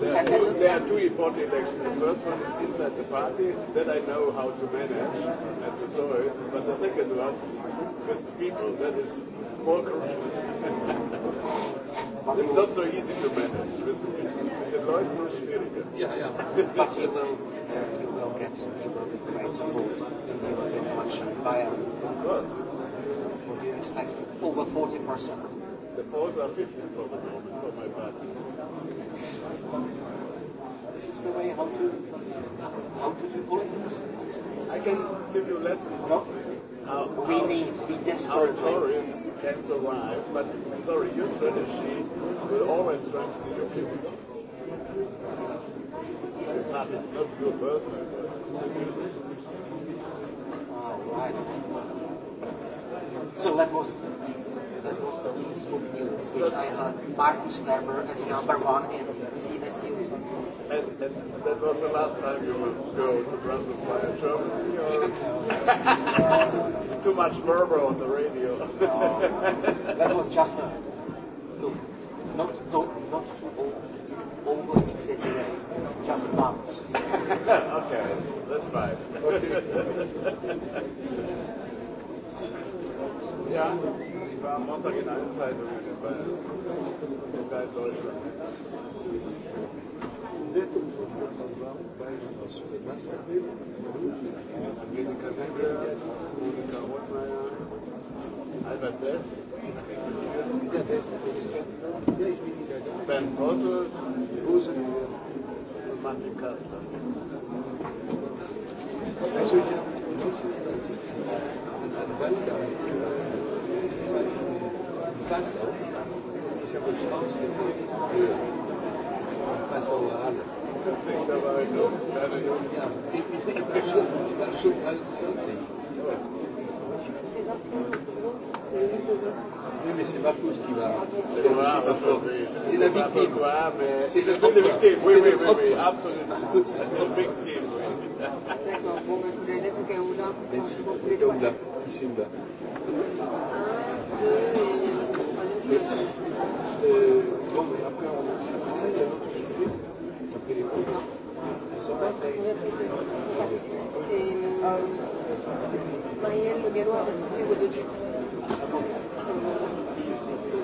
there, are two, there are two important elections. The first one is inside the party, that I know how to manage and to solve. But the second one, with people, that is more crucial. It's not so easy to manage, The Mit den Leuten nur schwieriger. Ja, ja. But you will, you will get, you will get great support in the European election by a... Good. What do you expect? Over 40%. The polls are 50 for the moment for my party. This is the way how to, how to do politics. I can give you lessons. No? we need, to be we Our need. can survive, but sorry, your strategy will always strengthen your people. It's not, not your personal. Right. So that was that was the least news, which I had Martin Weber as number one in CSU. And, and that was the last time you would go to Brussels via Germany. Too much murmur on the radio. no, that was just a look, not, not, not too old over exaggerate, just once. okay, that's fine. Ja, ich war am Montag in allen Zeitungen bei, bei Deutschland. Angelika Heckel, Monika Rottmeier, Albert Dess, dieser Dess, der ich bin wieder Ben Bossel, Busel und Martin Kastler. Oui, c'est la victime. absolument ici là. et après, a vous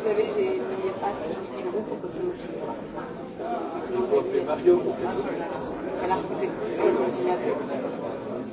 savez, j'ai mis groupe pour que Elle à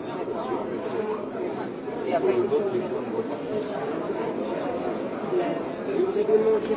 Σα ευχαριστώ πολύ για την προσοχή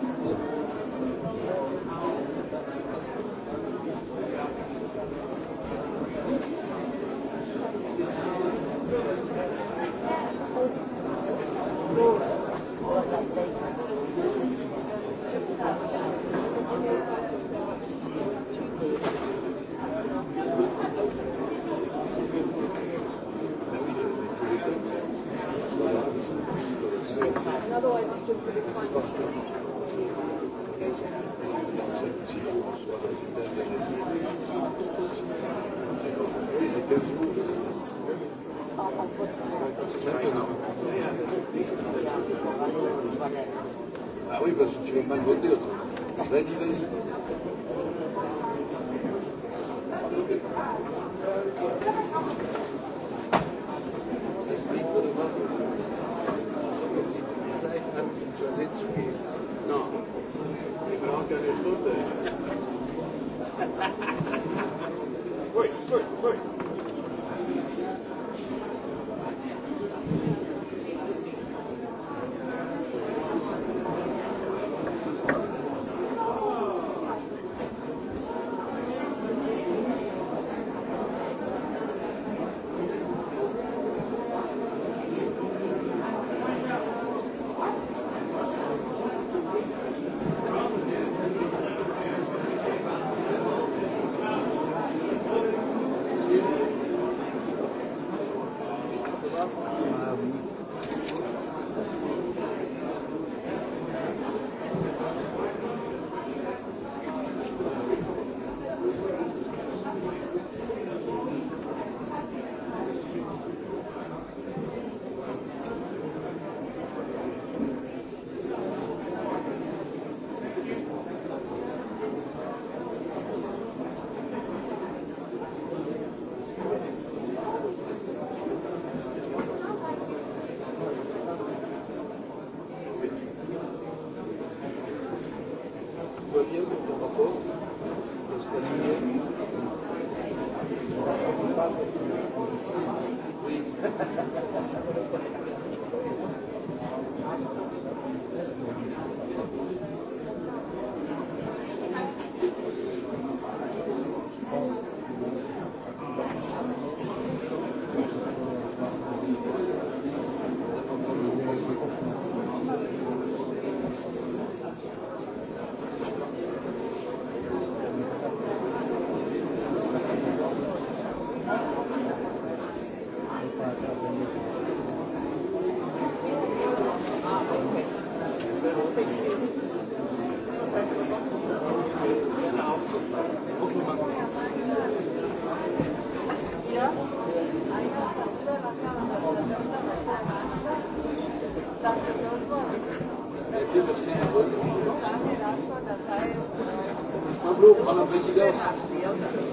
dans la présidence de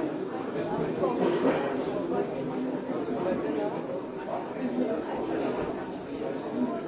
Thank you.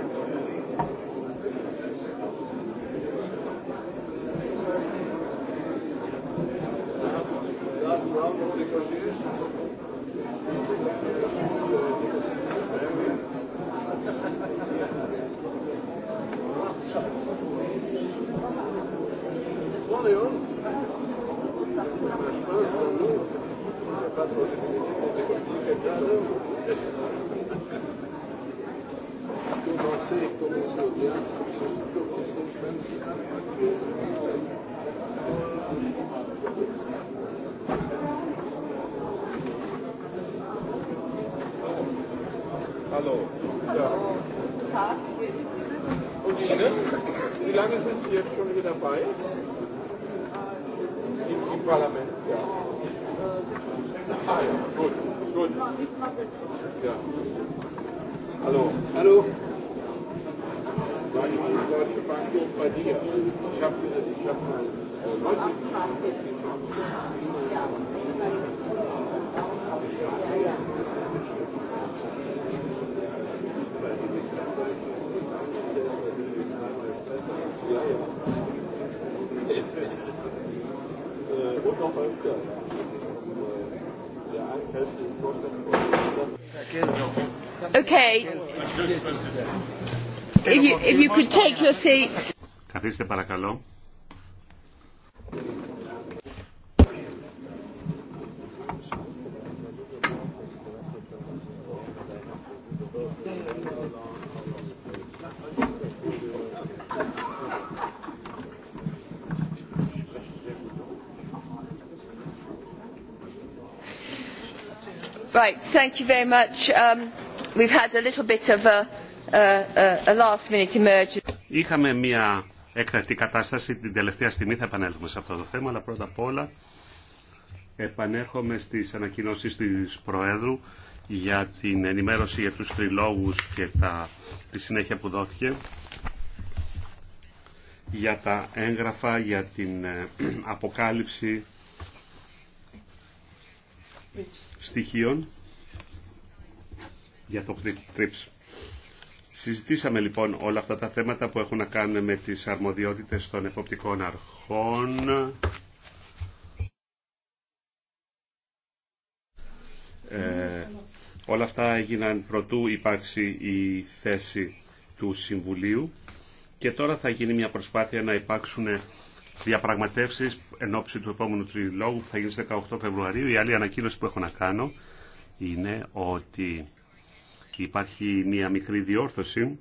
Tag. Und Ihnen? Wie lange sind Sie jetzt schon hier dabei? Im, Im Parlament, ja. Ah, ja. Gut, gut. Ja. Hallo. Hallo. War die Deutsche Bank hier bei dir? Ich habe ich hab mal. Ja, ja. Okay. If you, if you could take your seats. Καθίστε παρακαλώ. thank Είχαμε μια έκτακτη κατάσταση την τελευταία στιγμή, θα επανέλθουμε σε αυτό το θέμα, αλλά πρώτα απ' όλα επανέρχομαι στις ανακοινώσεις της Προέδρου για την ενημέρωση για τους τριλόγους και τα, τη συνέχεια που δόθηκε για τα έγγραφα, για την ε, αποκάλυψη στοιχείων για το TRIPS. Συζητήσαμε λοιπόν όλα αυτά τα θέματα που έχουν να κάνουν με τις αρμοδιότητες των εποπτικών αρχών. Ε, όλα αυτά έγιναν προτού υπάρξει η θέση του Συμβουλίου και τώρα θα γίνει μια προσπάθεια να υπάρξουν Διαπραγματεύσει εν ώψη του επόμενου τριλόγου που θα γίνει στις 18 Φεβρουαρίου. Η άλλη ανακοίνωση που έχω να κάνω είναι ότι υπάρχει μια μικρή διόρθωση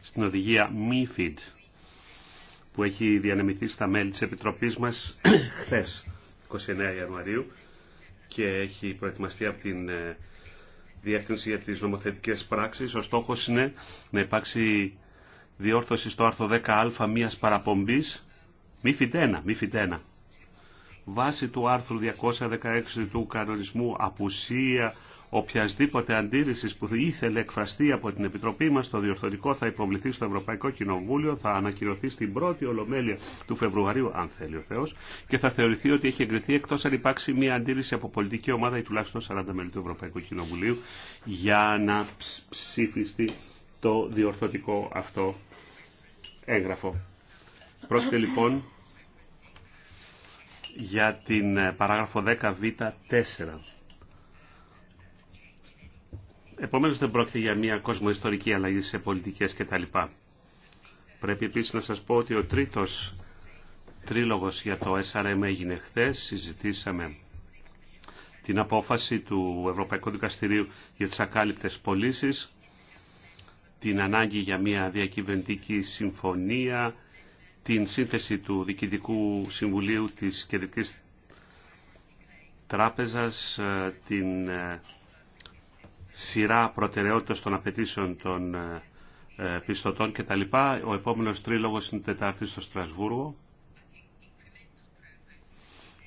στην οδηγία MIFID που έχει διανεμηθεί στα μέλη της Επιτροπής μας χθες 29 Ιανουαρίου και έχει προετοιμαστεί από την ε, Διεύθυνση για τις νομοθετικές πράξεις. Ο στόχος είναι να υπάρξει διόρθωση στο άρθρο 10α μίας παραπομπής, μη φυτένα, μη φυτένα. Βάσει του άρθρου 216 του κανονισμού απουσία οποιασδήποτε αντίρρησης που ήθελε εκφραστεί από την Επιτροπή μας το διορθωτικό θα υποβληθεί στο Ευρωπαϊκό Κοινοβούλιο, θα ανακοινωθεί στην πρώτη ολομέλεια του Φεβρουαρίου, αν θέλει ο Θεός, και θα θεωρηθεί ότι έχει εγκριθεί εκτός αν υπάρξει μια αντίρρηση από πολιτική ομάδα ή τουλάχιστον 40 μέλη του Ευρωπαϊκού Κοινοβουλίου για να ψηφιστεί το διορθωτικό αυτό έγγραφο. Πρόκειται λοιπόν για την ε, παράγραφο 10β4. Επομένως δεν πρόκειται για μια κοσμοϊστορική αλλαγή σε πολιτικές κτλ. Πρέπει επίσης να σας πω ότι ο τρίτος τρίλογος για το SRM έγινε χθε. Συζητήσαμε την απόφαση του Ευρωπαϊκού Δικαστηρίου για τις ακάλυπτες πωλήσει την ανάγκη για μια διακυβερνητική συμφωνία, την σύνθεση του Διοικητικού Συμβουλίου της Κεντρικής Τράπεζας, ε, την ε, σειρά προτεραιότητας των απαιτήσεων των ε, πιστωτών κτλ. Ο επόμενος τρίλογος είναι Τετάρτη στο Στρασβούργο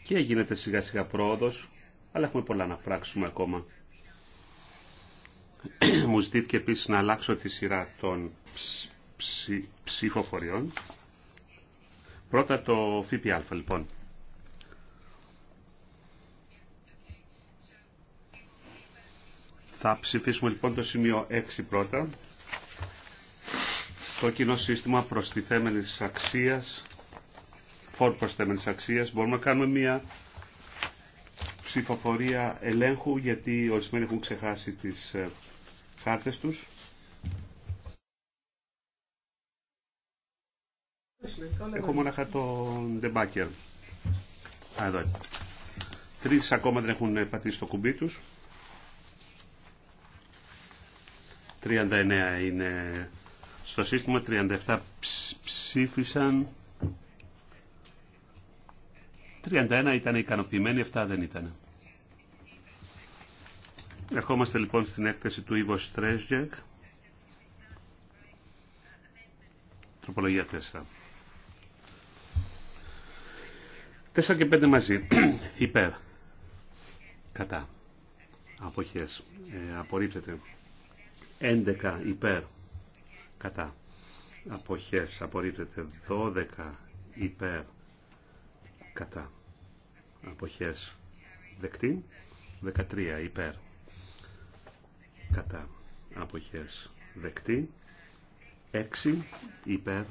και γίνεται σιγά σιγά πρόοδος, αλλά έχουμε πολλά να πράξουμε ακόμα. Μου ζητήθηκε επίσης να αλλάξω τη σειρά των ψηφοφοριών. Πρώτα το ΦΠΑ λοιπόν. Θα ψηφίσουμε λοιπόν το σημείο 6 πρώτα. Το κοινό σύστημα προστιθέμενης αξίας, φόρ προστιθέμενης αξίας. Μπορούμε να κάνουμε μια ψηφοφορία ελέγχου γιατί ορισμένοι έχουν ξεχάσει τις ε, κάρτες τους. Έχω μονάχα τον debacker. Α, εδώ Τρεις ακόμα δεν έχουν πατήσει το κουμπί τους. 39 είναι στο σύστημα, 37 ψήφισαν. 31 ήταν ικανοποιημένοι, 7 δεν ήταν. Ερχόμαστε λοιπόν στην έκθεση του Ιβο Τροπολογία 4. 4 και 5 μαζί. Ε, υπέρ. Κατά. Αποχές. απορρίπτεται. 11 υπέρ. Κατά. Αποχές. Απορρίπτεται. 12 υπέρ. Κατά. Αποχές. Δεκτή. 13 υπέρ κατά αποχές δεκτή 6 υπέρ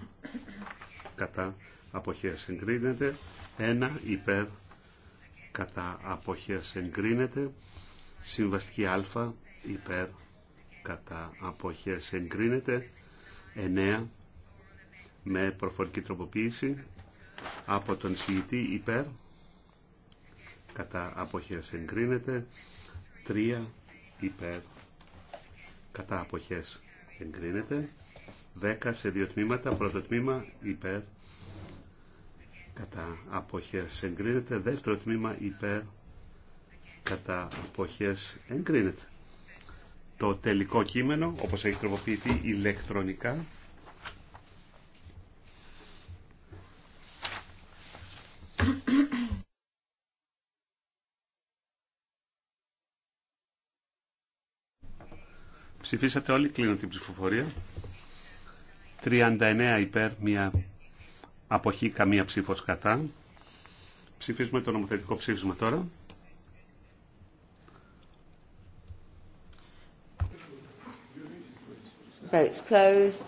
κατά αποχές εγκρίνεται 1 υπέρ κατά αποχές εγκρίνεται συμβαστική α υπέρ κατά αποχές εγκρίνεται 9 με προφορική τροποποίηση από τον συγητή υπέρ κατά αποχές εγκρίνεται 3 υπέρ κατά αποχές εγκρίνεται 10 σε δύο τμήματα πρώτο τμήμα υπέρ κατά αποχές εγκρίνεται δεύτερο τμήμα υπέρ κατά αποχές εγκρίνεται το τελικό κείμενο όπως έχει τροποποιηθεί ηλεκτρονικά Ψηφίσατε όλοι, κλείνω την ψηφοφορία. 39 υπέρ, μία αποχή, καμία ψήφος κατά. Ψηφίζουμε το νομοθετικό ψήφισμα τώρα. Votes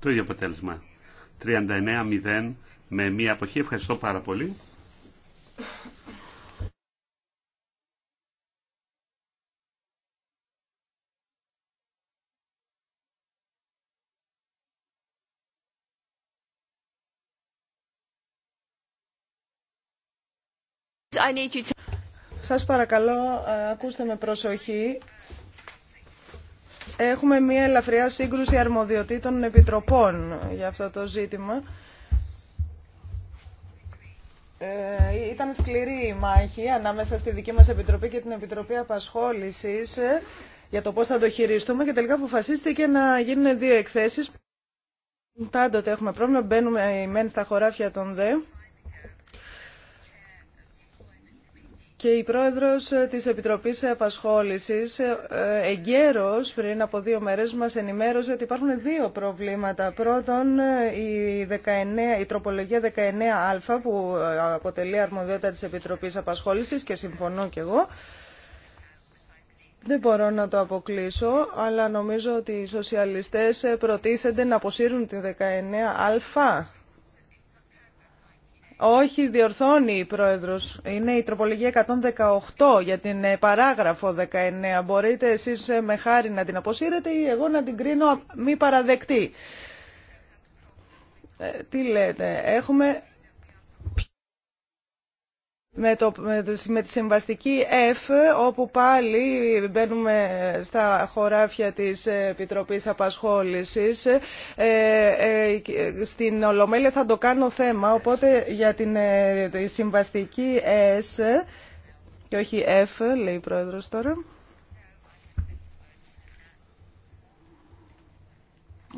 Το ίδιο αποτέλεσμα. 39-0 με μία αποχή. Ευχαριστώ πάρα πολύ. Σας παρακαλώ, ε, ακούστε με προσοχή. Έχουμε μία ελαφριά σύγκρουση αρμοδιοτήτων επιτροπών για αυτό το ζήτημα. Ε, ήταν σκληρή η μάχη ανάμεσα στη δική μας Επιτροπή και την Επιτροπή Απασχόλησης ε, για το πώς θα το χειριστούμε και τελικά αποφασίστηκε να γίνουν δύο εκθέσεις. Πάντοτε έχουμε πρόβλημα, μπαίνουμε οι ε, μεν στα χωράφια των ΔΕ. και η πρόεδρος ε, της Επιτροπής Απασχόλησης ε, ε, εγκαίρως πριν από δύο μέρες μας ενημέρωσε ότι υπάρχουν δύο προβλήματα. Πρώτον, η, 19, η τροπολογία 19α που αποτελεί αρμοδιότητα της Επιτροπής Απασχόλησης και συμφωνώ κι εγώ. Δεν μπορώ να το αποκλείσω, αλλά νομίζω ότι οι σοσιαλιστές προτίθενται να αποσύρουν τη 19α όχι, διορθώνει η Πρόεδρος. Είναι η τροπολογία 118 για την ε, παράγραφο 19. Μπορείτε εσείς ε, με χάρη να την αποσύρετε ή εγώ να την κρίνω μη παραδεκτή. Ε, τι λέτε, έχουμε με, τη συμβαστική F, όπου πάλι μπαίνουμε στα χωράφια της Επιτροπής Απασχόλησης, ε, ε, στην Ολομέλεια θα το κάνω θέμα, οπότε για την ε, τη συμβαστική S και όχι F, λέει η Πρόεδρος τώρα.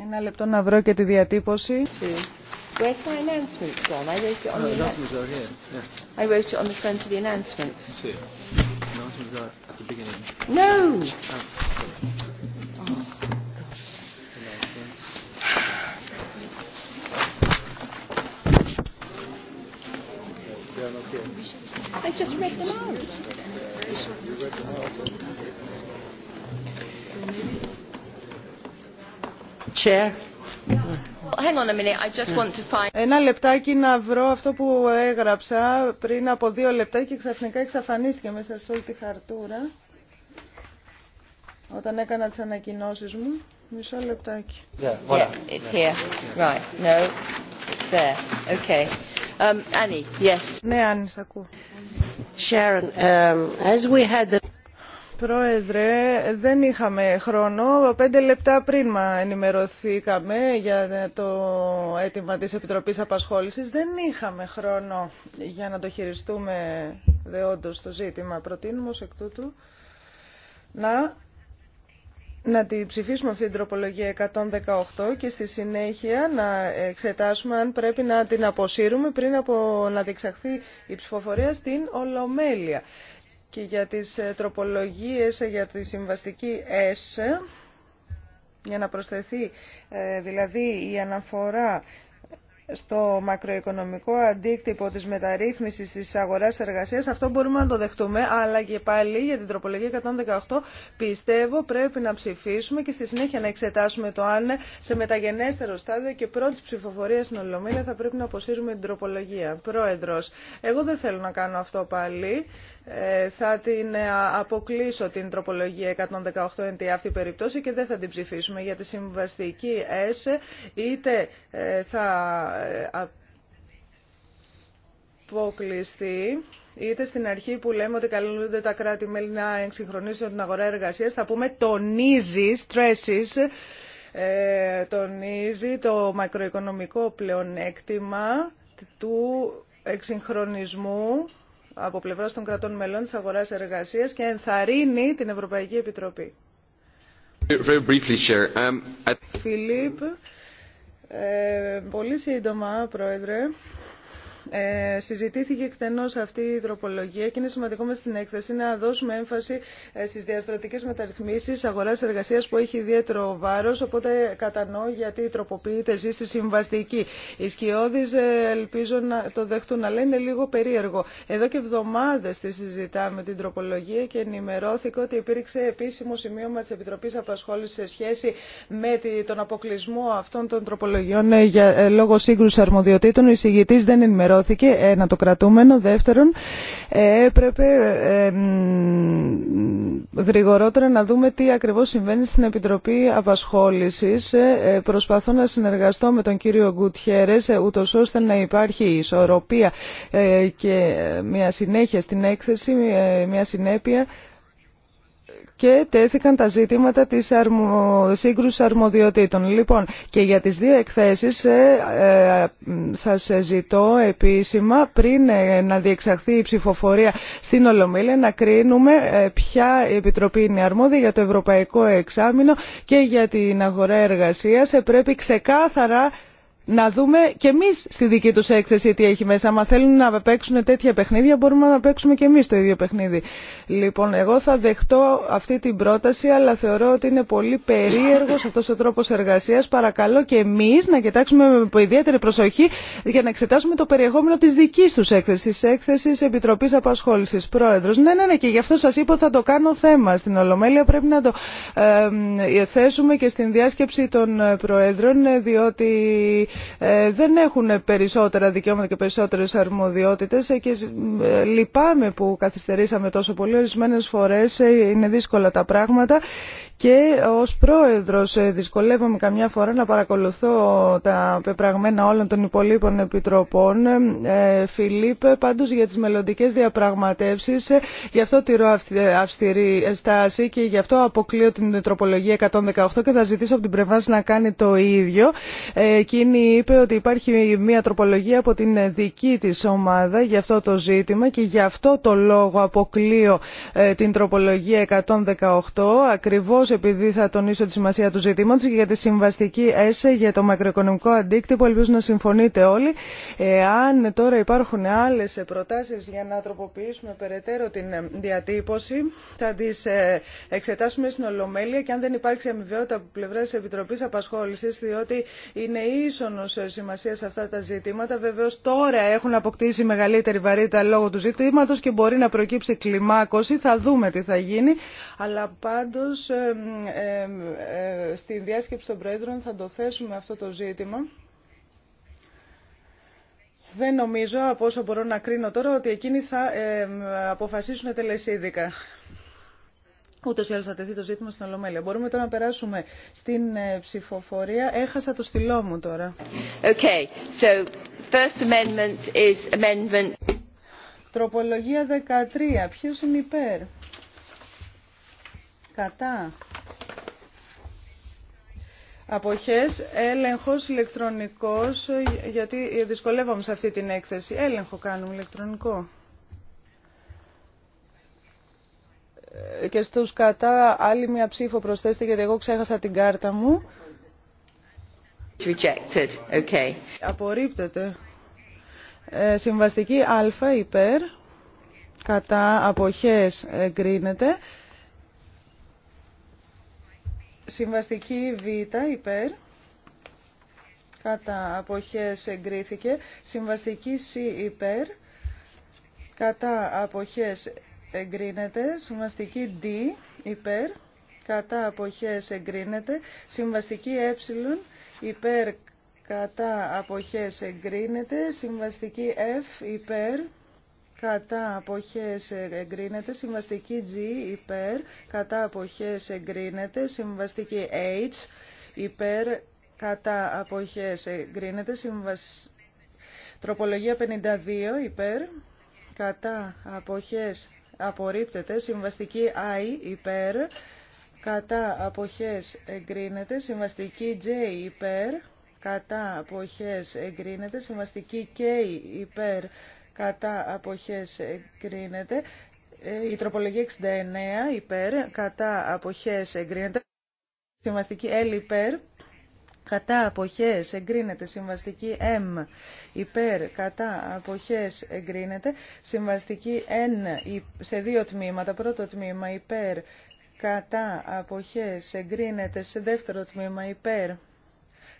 Ένα λεπτό να βρω και τη διατύπωση. Where's my announcements gone? I wrote it on the announcements are here. I wrote it on the front of the announcements. see it. Announcements are at the beginning. No. I just read them out. Chair. Ένα λεπτάκι να βρω αυτό που έγραψα πριν από δύο λεπτά και ξαφνικά εξαφανίστηκε μέσα σε όλη τη χαρτούρα όταν έκανα τις ανακοινώσεις μου. Μισό λεπτάκι. Ναι, Άννη, σ' ακούω. Sharon, um, as Πρόεδρε, δεν είχαμε χρόνο. Πέντε λεπτά πριν μα ενημερωθήκαμε για το αίτημα της Επιτροπής Απασχόλησης. Δεν είχαμε χρόνο για να το χειριστούμε δεόντως το ζήτημα. Προτείνουμε ως εκ τούτου να, να τη ψηφίσουμε αυτή την τροπολογία 118 και στη συνέχεια να εξετάσουμε αν πρέπει να την αποσύρουμε πριν από να διεξαχθεί η ψηφοφορία στην Ολομέλεια και για τις ε, τροπολογίες ε, για τη συμβαστική S για να προσθεθεί ε, δηλαδή η αναφορά στο μακροοικονομικό αντίκτυπο της μεταρρύθμισης της αγοράς εργασίας. Αυτό μπορούμε να το δεχτούμε, αλλά και πάλι για την τροπολογία 118 πιστεύω πρέπει να ψηφίσουμε και στη συνέχεια να εξετάσουμε το αν σε μεταγενέστερο στάδιο και πρώτη ψηφοφορία στην Ολομήλεια θα πρέπει να αποσύρουμε την τροπολογία. Πρόεδρος, εγώ δεν θέλω να κάνω αυτό πάλι. Ε, θα την ε, αποκλείσω την τροπολογία 118 εν τη αυτή περίπτωση και δεν θα την ψηφίσουμε για τη συμβαστική ΕΣΕ είτε ε, θα αποκλειστεί είτε στην αρχή που λέμε ότι καλούνται τα κράτη-μέλη να εξυγχρονίσουν την αγορά εργασίας θα πούμε τονίζει, stresses τονίζει το μακροοικονομικό πλεονέκτημα του εξυγχρονισμού από πλευρά των κρατών μελών της αγοράς εργασίας και ενθαρρύνει την Ευρωπαϊκή Επιτροπή. Um, ε, πολύ Πρόεδρε. Ε, συζητήθηκε εκτενώς αυτή η τροπολογία και είναι σημαντικό μας στην έκθεση να δώσουμε έμφαση ε, στις διαστρωτικές μεταρρυθμίσεις αγοράς εργασίας που έχει ιδιαίτερο βάρος, οπότε κατανοώ γιατί τροποποιείται εσεί στη συμβαστική. Οι σκιώδεις ε, ελπίζω να το δεχτούν, αλλά είναι λίγο περίεργο. Εδώ και εβδομάδες τη συζητάμε την τροπολογία και ενημερώθηκα ότι υπήρξε επίσημο σημείωμα της Επιτροπής Απασχόλησης σε σχέση με τον αποκλεισμό αυτών των τροπολογιών ε, για, λόγω σύγκρουση αρμοδιοτήτων. Ο δεν ενημερώθηκε ένα ε, το κρατούμενο, δεύτερον ε, έπρεπε ε, γρηγορότερα να δούμε τι ακριβώς συμβαίνει στην Επιτροπή Απασχόλησης. Προσπαθώ να συνεργαστώ με τον κύριο Γκουτιέρες ούτως ώστε να υπάρχει ισορροπία και μια συνέχεια στην έκθεση, μια συνέπεια και τέθηκαν τα ζήτηματα της αρμο... σύγκρουσης αρμοδιοτήτων. Λοιπόν, και για τις δύο εκθέσεις ε, ε σας ζητώ επίσημα πριν ε, να διεξαχθεί η ψηφοφορία στην Ολομήλεια να κρίνουμε ε, ποια Επιτροπή είναι αρμόδια για το Ευρωπαϊκό Εξάμεινο και για την αγορά εργασίας. Πρέπει ξεκάθαρα να δούμε και εμεί στη δική του έκθεση τι έχει μέσα. Αν θέλουν να παίξουν τέτοια παιχνίδια μπορούμε να παίξουμε και εμεί το ίδιο παιχνίδι. Λοιπόν, εγώ θα δεχτώ αυτή την πρόταση αλλά θεωρώ ότι είναι πολύ περίεργο αυτό ο τρόπο εργασία. Παρακαλώ και εμεί να κοιτάξουμε με ιδιαίτερη προσοχή για να εξετάσουμε το περιεχόμενο της δικής τους έκθεσης, έκθεσης Επιτροπής Απασχόλησης. Πρόεδρος, ναι, ναι, ναι και γι' αυτό σα είπα θα το κάνω θέμα. Στην Ολομέλεια πρέπει να το ε, θέσουμε και στην διάσκεψη των Προέδρων διότι ε, δεν έχουν περισσότερα δικαιώματα και περισσότερες αρμοδιότητες ε, και ε, λυπάμαι που καθυστερήσαμε τόσο πολύ. Ορισμένες φορές είναι δύσκολα τα πράγματα και ως πρόεδρος ε, δυσκολεύομαι καμιά φορά να παρακολουθώ τα πεπραγμένα όλων των υπολείπων επιτροπών. Ε, ε, Φιλίπ, πάντως για τις μελλοντικές διαπραγματεύσεις, γι' αυτό τηρώ αυστηρή στάση και γι' αυτό αποκλείω την τροπολογία 118 και θα ζητήσω από την Πρεβάση να κάνει το ίδιο. Εκείνη είπε ότι υπάρχει μια τροπολογία από την δική της ομάδα γι' αυτό το ζήτημα και γι' αυτό το λόγο αποκλείω την τροπολογία 118 ακριβώς επειδή θα τονίσω τη σημασία του ζητήματος και για τη συμβαστική ΕΣΕ για το μακροοικονομικό αντίκτυπο. Ελπίζω να συμφωνείτε όλοι. Αν τώρα υπάρχουν άλλες προτάσεις για να τροποποιήσουμε περαιτέρω την διατύπωση, θα τις ε, εξετάσουμε στην Ολομέλεια και αν δεν υπάρξει αμοιβαιότητα από πλευρά τη Επιτροπής Απασχόλησης, διότι είναι ίσονος σημασία σε αυτά τα ζητήματα. Βεβαίω τώρα έχουν αποκτήσει μεγαλύτερη βαρύτητα λόγω του ζητήματος και μπορεί να προκύψει κλιμάκωση. Θα δούμε τι θα γίνει. Αλλά πάντως ε, ε, στη διάσκεψη των Πρόεδρων θα το θέσουμε αυτό το ζήτημα. Δεν νομίζω, από όσο μπορώ να κρίνω τώρα, ότι εκείνοι θα αποφασίσουν τελεσίδικα. Ούτω ή άλλω θα τεθεί το ζήτημα στην Ολομέλεια. Μπορούμε τώρα να περάσουμε στην ε, ψηφοφορία. Έχασα το στυλό μου τώρα. Okay. So, first amendment is amendment. Τροπολογία 13. Ποιος είναι υπέρ. Κατά. Αποχές, έλεγχος ηλεκτρονικός, γιατί δυσκολεύομαι σε αυτή την έκθεση. Έλεγχο κάνουμε ηλεκτρονικό. Και στους κατά άλλη μια ψήφο προσθέστε, γιατί εγώ ξέχασα την κάρτα μου. Rejected. Okay. Απορρίπτεται. Ε, συμβαστική α υπέρ, κατά αποχές εγκρίνεται. Συμβαστική Β υπέρ. Κατά αποχές εγκρίθηκε. Συμβαστική Σ υπέρ. Κατά αποχές εγκρίνεται. Συμβαστική D υπέρ. Κατά αποχές εγκρίνεται. Συμβαστική ε υπέρ. Κατά αποχές εγκρίνεται. Συμβαστική F υπέρ κατά αποχές εγκρίνεται, συμβαστική G υπέρ, κατά αποχές εγκρίνεται, συμβαστική H υπέρ, κατά αποχές εγκρίνεται, συμβασ... τροπολογία 52 υπέρ, κατά αποχές απορρίπτεται, συμβαστική I υπέρ, κατά αποχές εγκρίνεται, συμβαστική J υπέρ, κατά αποχές εγκρίνεται, συμβαστική K υπέρ, κατά αποχές εγκρίνεται. Ε, η τροπολογία 69 υπέρ, κατά αποχές εγκρίνεται. Συμβαστική L υπέρ, κατά αποχές εγκρίνεται. Συμβαστική M υπέρ, κατά αποχές εγκρίνεται. Συμβαστική N σε δύο τμήματα. Πρώτο τμήμα υπέρ, κατά αποχές εγκρίνεται. Σε δεύτερο τμήμα υπέρ,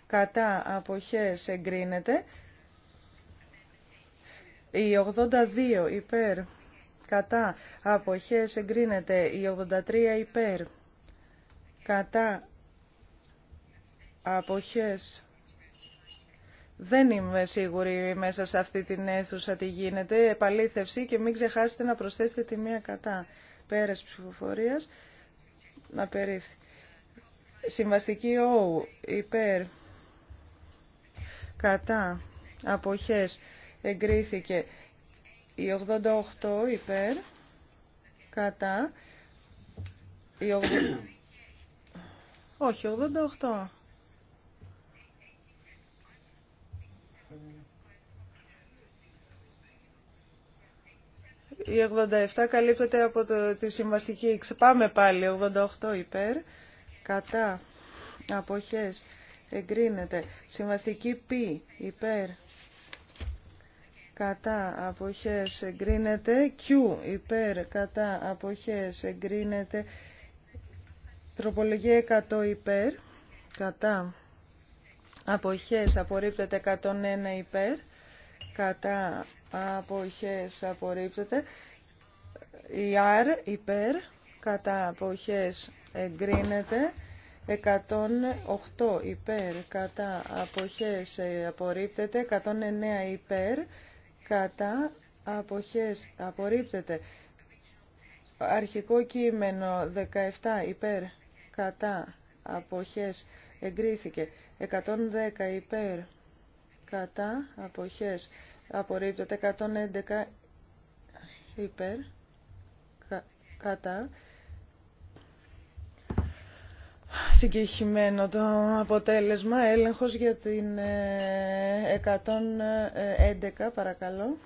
κατά αποχές εγκρίνεται. Η 82 υπέρ κατά αποχές εγκρίνεται. Η 83 υπέρ κατά αποχές δεν είμαι σίγουρη μέσα σε αυτή την αίθουσα τι γίνεται. Επαλήθευση και μην ξεχάσετε να προσθέσετε τη μία κατά. πέρες ψηφοφορίας. Να περίφθη. Συμβαστική ΟΟΥ. Υπέρ. Κατά. Αποχές εγκρίθηκε. Η 88 υπέρ, κατά, η 88 Όχι, 88. Η 87 καλύπτεται από το, τη συμβαστική. Ξεπάμε πάλι. 88 υπέρ. Κατά. Αποχές. Εγκρίνεται. Συμβαστική π. Υπέρ κατά αποχές εγκρίνεται, Q υπέρ κατά αποχές εγκρίνεται, τροπολογία 100 υπέρ κατά αποχές απορρίπτεται 101 υπέρ, κατά αποχές απορρίπτεται, η R υπέρ κατά αποχές εγκρίνεται, 108 υπέρ κατά αποχές απορρίπτεται, 109 υπέρ κατά αποχές απορρίπτεται αρχικό κείμενο 17 υπέρ κατά αποχές εγκρίθηκε 110 υπέρ κατά αποχές απορρίπτεται 111 υπέρ κατά συγκεκριμένο το αποτέλεσμα. Έλεγχος για την 111, ε, ε, παρακαλώ.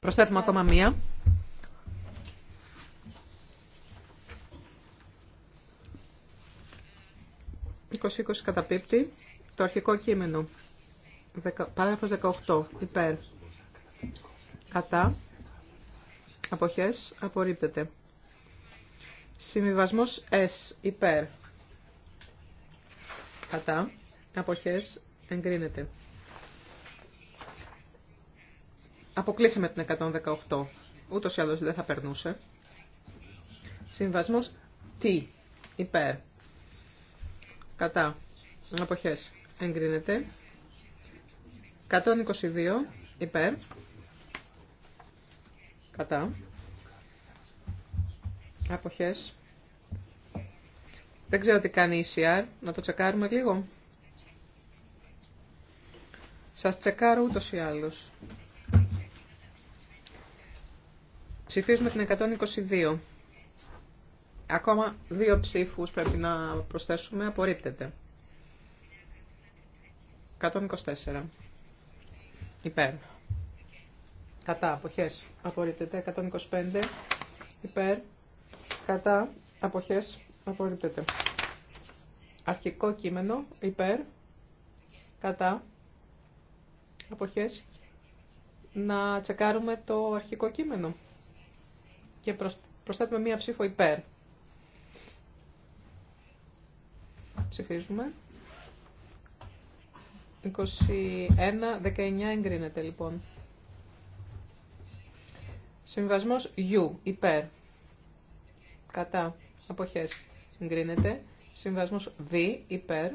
Προσθέτουμε ακόμα μία. «20-20 καταπίπτει το αρχικό κείμενο, παράγραφος 18, υπέρ, κατά, αποχές, απορρίπτεται. Συμβιβασμός S υπέρ. Κατά. Αποχές εγκρίνεται. Αποκλείσαμε την 118. Ούτως ή άλλως δεν θα περνούσε. Συμβασμός T υπέρ. Κατά. Αποχές εγκρίνεται. 122 υπέρ. Κατά. Αποχές. Δεν ξέρω τι κάνει η ECR. Να το τσεκάρουμε λίγο. Σας τσεκάρω ούτως ή άλλως. Ψηφίζουμε την 122. Ακόμα δύο ψήφους πρέπει να προσθέσουμε. Απορρίπτεται. 124. Υπέρ. Κατά. Αποχές. Απορρίπτεται. 125. Υπέρ κατά αποχές απορρίπτεται. Αρχικό κείμενο υπέρ κατά αποχές να τσεκάρουμε το αρχικό κείμενο και προσθέτουμε μία ψήφο υπέρ. Ψηφίζουμε. 21-19 εγκρίνεται λοιπόν. Συμβασμός U, υπέρ κατά, αποχές, εγκρίνεται. Συμβασμός Β, υπέρ,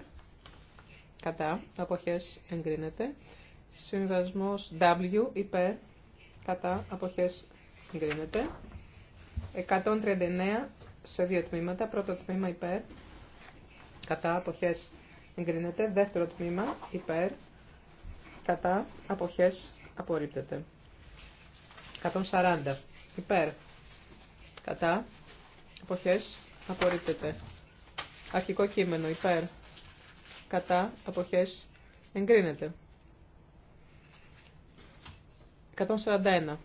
κατά, αποχές, εγκρίνεται. Συμβασμός W, υπέρ, κατά, αποχές, εγκρίνεται. 139 σε δύο τμήματα. Πρώτο τμήμα υπέρ, κατά, αποχές, εγκρίνεται. Δεύτερο τμήμα υπέρ, κατά, αποχές, απορρίπτεται. 140 υπέρ, κατά, αποχές απορρίπτεται. Αρχικό κείμενο υπέρ κατά αποχές εγκρίνεται. 141.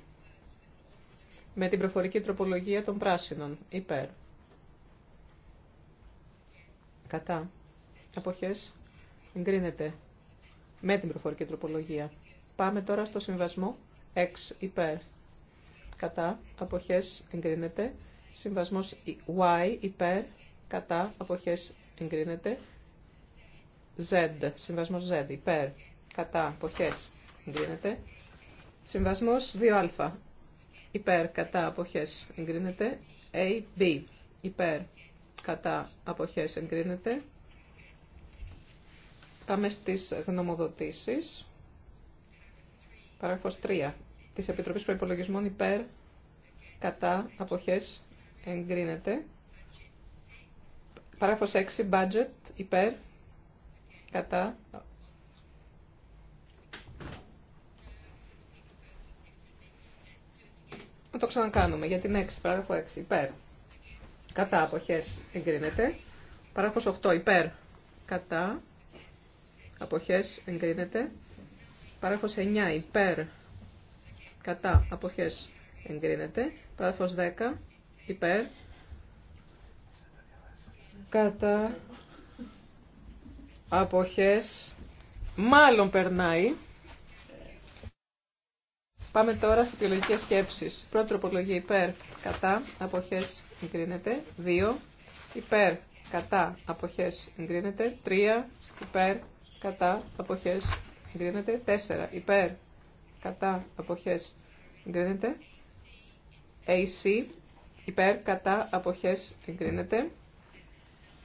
Με την προφορική τροπολογία των πράσινων υπέρ κατά αποχές εγκρίνεται με την προφορική τροπολογία. Πάμε τώρα στο συμβασμό 6 υπέρ. Κατά αποχές εγκρίνεται Συμβασμός Y υπέρ, κατά, αποχές εγκρίνεται. Z, συμβασμός Z υπέρ, κατά, αποχές εγκρίνεται. Συμβασμός 2α υπέρ, κατά, αποχές εγκρίνεται. A, B υπέρ, κατά, αποχές εγκρίνεται. Πάμε στις γνωμοδοτήσεις. Παράγραφος 3. Της Επιτροπής Προϋπολογισμών υπέρ, κατά, αποχές εγκρίνεται. Παράγραφος 6, budget, υπέρ, κατά. Να το ξανακάνουμε για την 6, παράγραφο 6, υπέρ, κατά, αποχές, εγκρίνεται. Παράγραφος 8, υπέρ, κατά, αποχές, εγκρίνεται. Παράγραφος 9, υπέρ, κατά, αποχές, εγκρίνεται. Παράγραφος 10, υπέρ κατά αποχές μάλλον περνάει. Πάμε τώρα στις αιτιολογικές σκέψεις. Πρώτη τροπολογία υπέρ, κατά, αποχές εγκρίνεται. δύο. Υπέρ, κατά, αποχές εγκρίνεται. τρία. Υπέρ, κατά, αποχές εγκρίνεται. τέσσερα. Υπέρ, κατά, αποχές εγκρίνεται. AC, υπέρ, κατά, αποχές, εγκρίνεται.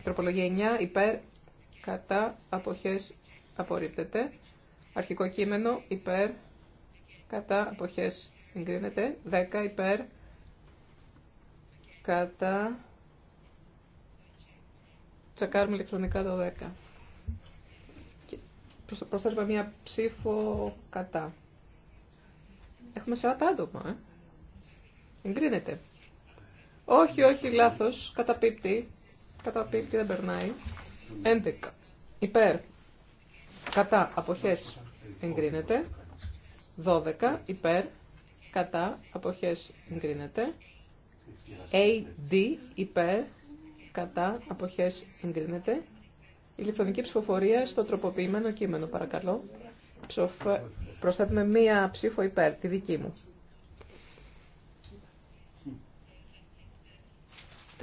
Τροπολογία 9, υπέρ, κατά, αποχές, απορρίπτεται. Αρχικό κείμενο, υπέρ, κατά, αποχές, εγκρίνεται. 10, υπέρ, κατά, τσακάρουμε ηλεκτρονικά το 10. Προσθέτουμε μία ψήφο κατά. Έχουμε 40 άτομα, ε. Εγκρίνεται. Όχι, όχι, λάθος. Καταπίπτει. Καταπίπτει, δεν περνάει. 11. Υπέρ. Κατά. Αποχές. Εγκρίνεται. 12. Υπέρ. Κατά. Αποχές. Εγκρίνεται. AD. Υπέρ. Κατά. Αποχές. Εγκρίνεται. Ηλεκτρονική ψηφοφορία στο τροποποιημένο κείμενο, παρακαλώ. Προσθέτουμε μία ψήφο υπέρ, τη δική μου.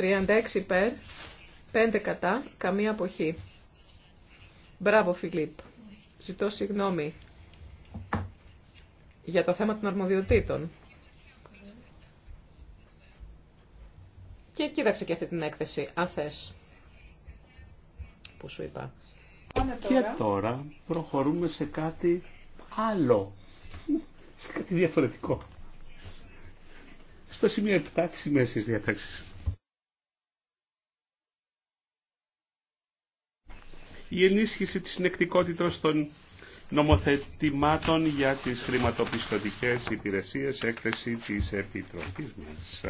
36 υπέρ, 5 κατά, καμία αποχή. Μπράβο Φιλίπ. Ζητώ συγγνώμη για το θέμα των αρμοδιοτήτων. Και κοίταξε και αυτή την έκθεση, αν θες, που σου είπα. Και τώρα προχωρούμε σε κάτι άλλο, σε κάτι διαφορετικό. Στο σημείο 7 της ημέρας διατάξης. η ενίσχυση της συνεκτικότητας των νομοθετημάτων για τις χρηματοπιστωτικές υπηρεσίες έκθεση της Επιτροπής μας.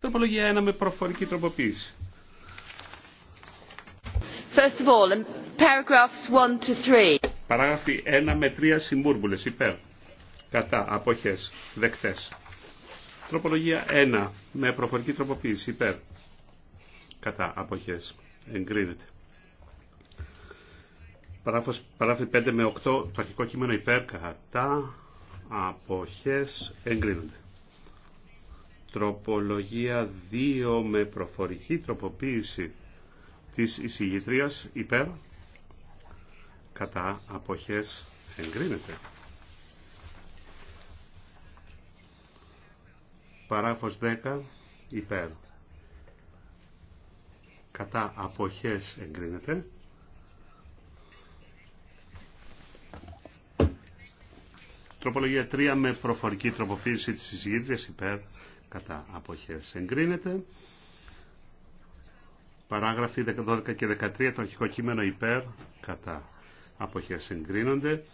Τροπολογία 1 με προφορική τροποποίηση. First of all, paragraphs 1 to 3. Παράγραφοι 1 με 3 συμβούρμπουλες υπέρ. Κατά αποχές δεκτές. Τροπολογία 1 με προφορική τροποποίηση υπέρ κατά αποχές εγκρίνεται. Παράφη 5 με 8 το αρχικό κείμενο υπέρ κατά αποχές εγκρίνονται. Τροπολογία 2 με προφορική τροποποίηση της εισηγητρίας υπέρ κατά αποχές εγκρίνεται. Παράφος 10 υπέρ κατά αποχές εγκρίνεται. Τροπολογία 3 με προφορική τροποποίηση της συζήτησης υπέρ κατά αποχές εγκρίνεται. Παράγραφοι 12 και 13 το αρχικό κείμενο υπέρ κατά αποχές εγκρίνονται.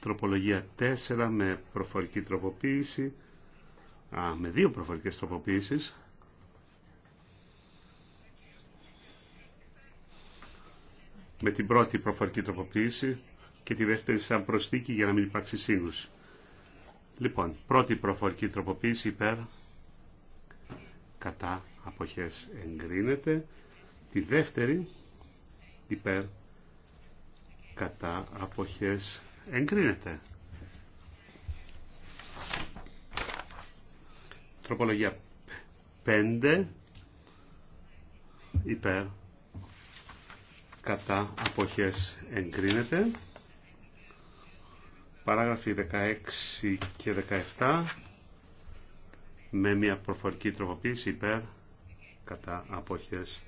Τροπολογία 4 με προφορική τροποποίηση, α, με δύο προφορικές τροποποίησεις με την πρώτη προφορική τροποποίηση και τη δεύτερη σαν προσθήκη για να μην υπάρξει σύγκρουση. Λοιπόν, πρώτη προφορική τροποποίηση υπέρ κατά αποχές εγκρίνεται. Τη δεύτερη υπέρ κατά αποχές εγκρίνεται. Τροπολογία 5 υπέρ κατά αποχές εγκρίνεται. Παράγραφοι 16 και 17 με μια προφορική τροποποίηση υπέρ κατά αποχές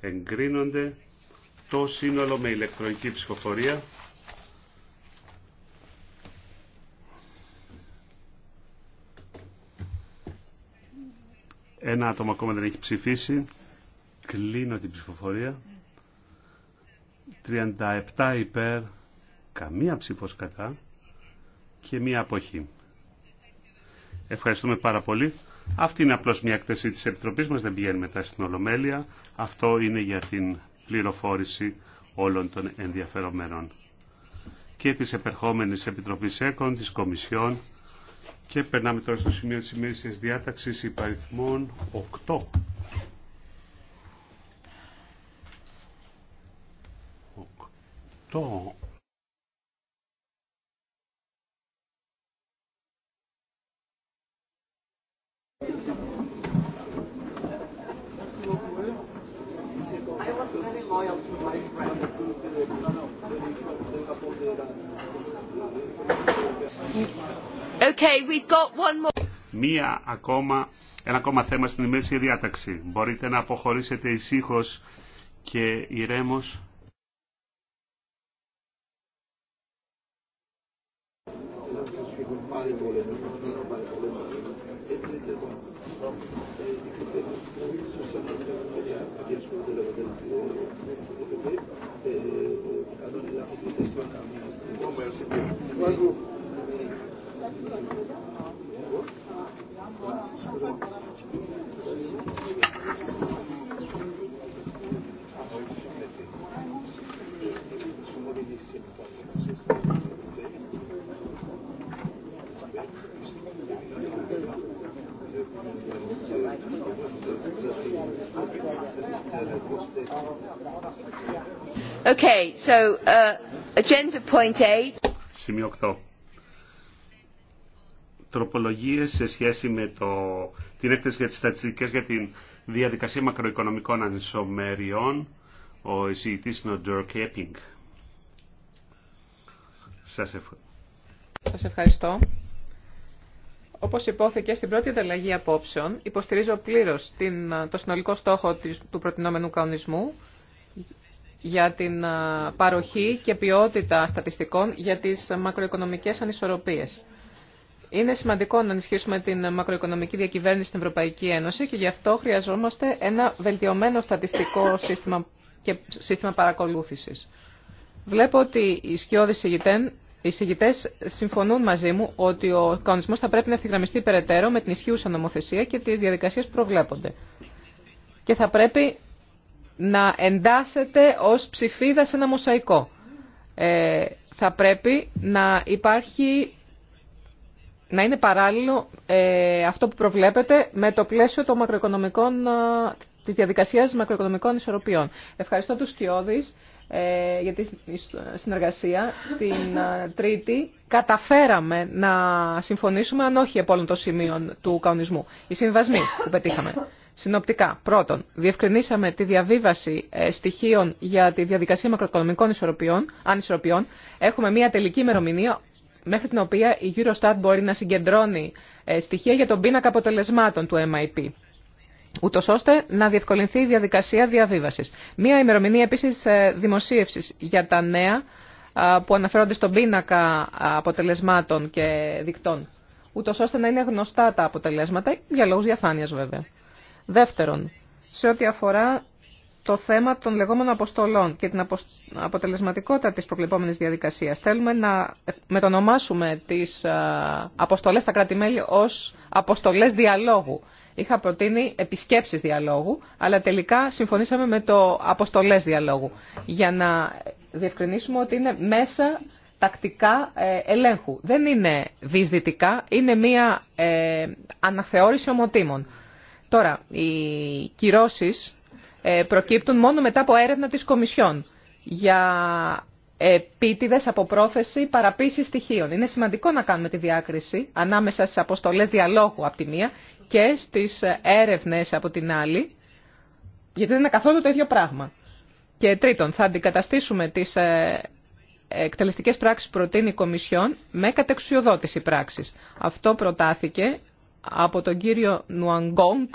εγκρίνονται το σύνολο με ηλεκτρονική ψηφοφορία Ένα άτομο ακόμα δεν έχει ψηφίσει. Κλείνω την ψηφοφορία. 37 υπέρ, καμία ψήφος κατά και μία αποχή. Ευχαριστούμε πάρα πολύ. Αυτή είναι απλώς μια εκτεσή της Επιτροπής μας, δεν πηγαίνει μετά στην Ολομέλεια. Αυτό είναι για την πληροφόρηση όλων των ενδιαφερομένων και της επερχόμενης Επιτροπής ΕΚΟΝ, της Κομισιόν και περνάμε τώρα στο σημείο της ημέρησης διάταξης υπαριθμών 8. αυτό Okay, we've got one more. Μία ακόμα, ένα ακόμα θέμα στην ημέρηση διάταξη. Μπορείτε να αποχωρήσετε ησύχως και ηρέμος. Okay, so, uh, agenda point eight. Σημείο 8. Τροπολογίες σε σχέση με το, την έκθεση για τις στατιστικές για την διαδικασία μακροοικονομικών ανισομεριών. Ο εισηγητής είναι ο Dirk Epping. Σας, ευχαριστώ. Όπως υπόθηκε στην πρώτη ανταλλαγή απόψεων, υποστηρίζω πλήρως το συνολικό στόχο του προτινόμενου κανονισμού για την ε, παροχή και ποιότητα στατιστικών για τις μακροοικονομικές ανισορροπίες. Είναι σημαντικό να ενισχύσουμε την μακροοικονομική διακυβέρνηση στην Ευρωπαϊκή Ένωση και γι' αυτό χρειαζόμαστε ένα βελτιωμένο στατιστικό σύστημα και σύστημα παρακολούθησης. Βλέπω ότι οι σκιώδεις συγητέ συμφωνούν μαζί μου ότι ο κανονισμός θα πρέπει να ευθυγραμμιστεί περαιτέρω με την ισχύουσα νομοθεσία και τις διαδικασίες που προβλέπονται. Και θα πρέπει να εντάσσεται ως ψηφίδα σε ένα μοσαϊκό. Ε, θα πρέπει να υπάρχει, να είναι παράλληλο ε, αυτό που προβλέπετε με το πλαίσιο των μακροοικονομικών, ε, της διαδικασίας μακροοικονομικών ισορροπιών. Ευχαριστώ τους Κιώδης ε, για τη συνεργασία. Την Τρίτη καταφέραμε να συμφωνήσουμε, αν όχι από όλων των σημείων του καονισμού. Οι συμβασμοί που πετύχαμε. Συνοπτικά, πρώτον, διευκρινίσαμε τη διαβίβαση ε, στοιχείων για τη διαδικασία μακροοικονομικών ανισορροπιών. Έχουμε μία τελική ημερομηνία μέχρι την οποία η Eurostat μπορεί να συγκεντρώνει ε, στοιχεία για τον πίνακα αποτελεσμάτων του MIP, ούτω ώστε να διευκολυνθεί η διαδικασία διαβίβαση. Μία ημερομηνία επίση ε, δημοσίευση για τα νέα που αναφέρονται στον πίνακα αποτελεσμάτων και δικτών, ούτω ώστε να είναι γνωστά τα αποτελέσματα για λόγου διαφάνεια βέβαια. Δεύτερον, σε ό,τι αφορά το θέμα των λεγόμενων αποστολών και την αποτελεσματικότητα της προκλεπόμενης διαδικασίας. Θέλουμε να μετονομάσουμε τις αποστολές στα κράτη-μέλη ως αποστολές διαλόγου. Είχα προτείνει επισκέψεις διαλόγου, αλλά τελικά συμφωνήσαμε με το αποστολές διαλόγου, για να διευκρινίσουμε ότι είναι μέσα τακτικά ε, ελέγχου. Δεν είναι διεισδυτικά, είναι μια ε, αναθεώρηση ομοτήμων. Τώρα, οι κυρώσεις ε, προκύπτουν μόνο μετά από έρευνα της Κομισιόν για επίτηδε, από πρόθεση παραπίση στοιχείων. Είναι σημαντικό να κάνουμε τη διάκριση ανάμεσα στι αποστολέ διαλόγου από τη μία και στις έρευνες από την άλλη, γιατί δεν είναι καθόλου το ίδιο πράγμα. Και τρίτον, θα αντικαταστήσουμε τις ε, εκτελεστικές πράξεις που προτείνει η Κομισιόν με κατεξουσιοδότηση πράξης. Αυτό προτάθηκε από τον κύριο Νουαγκόγκ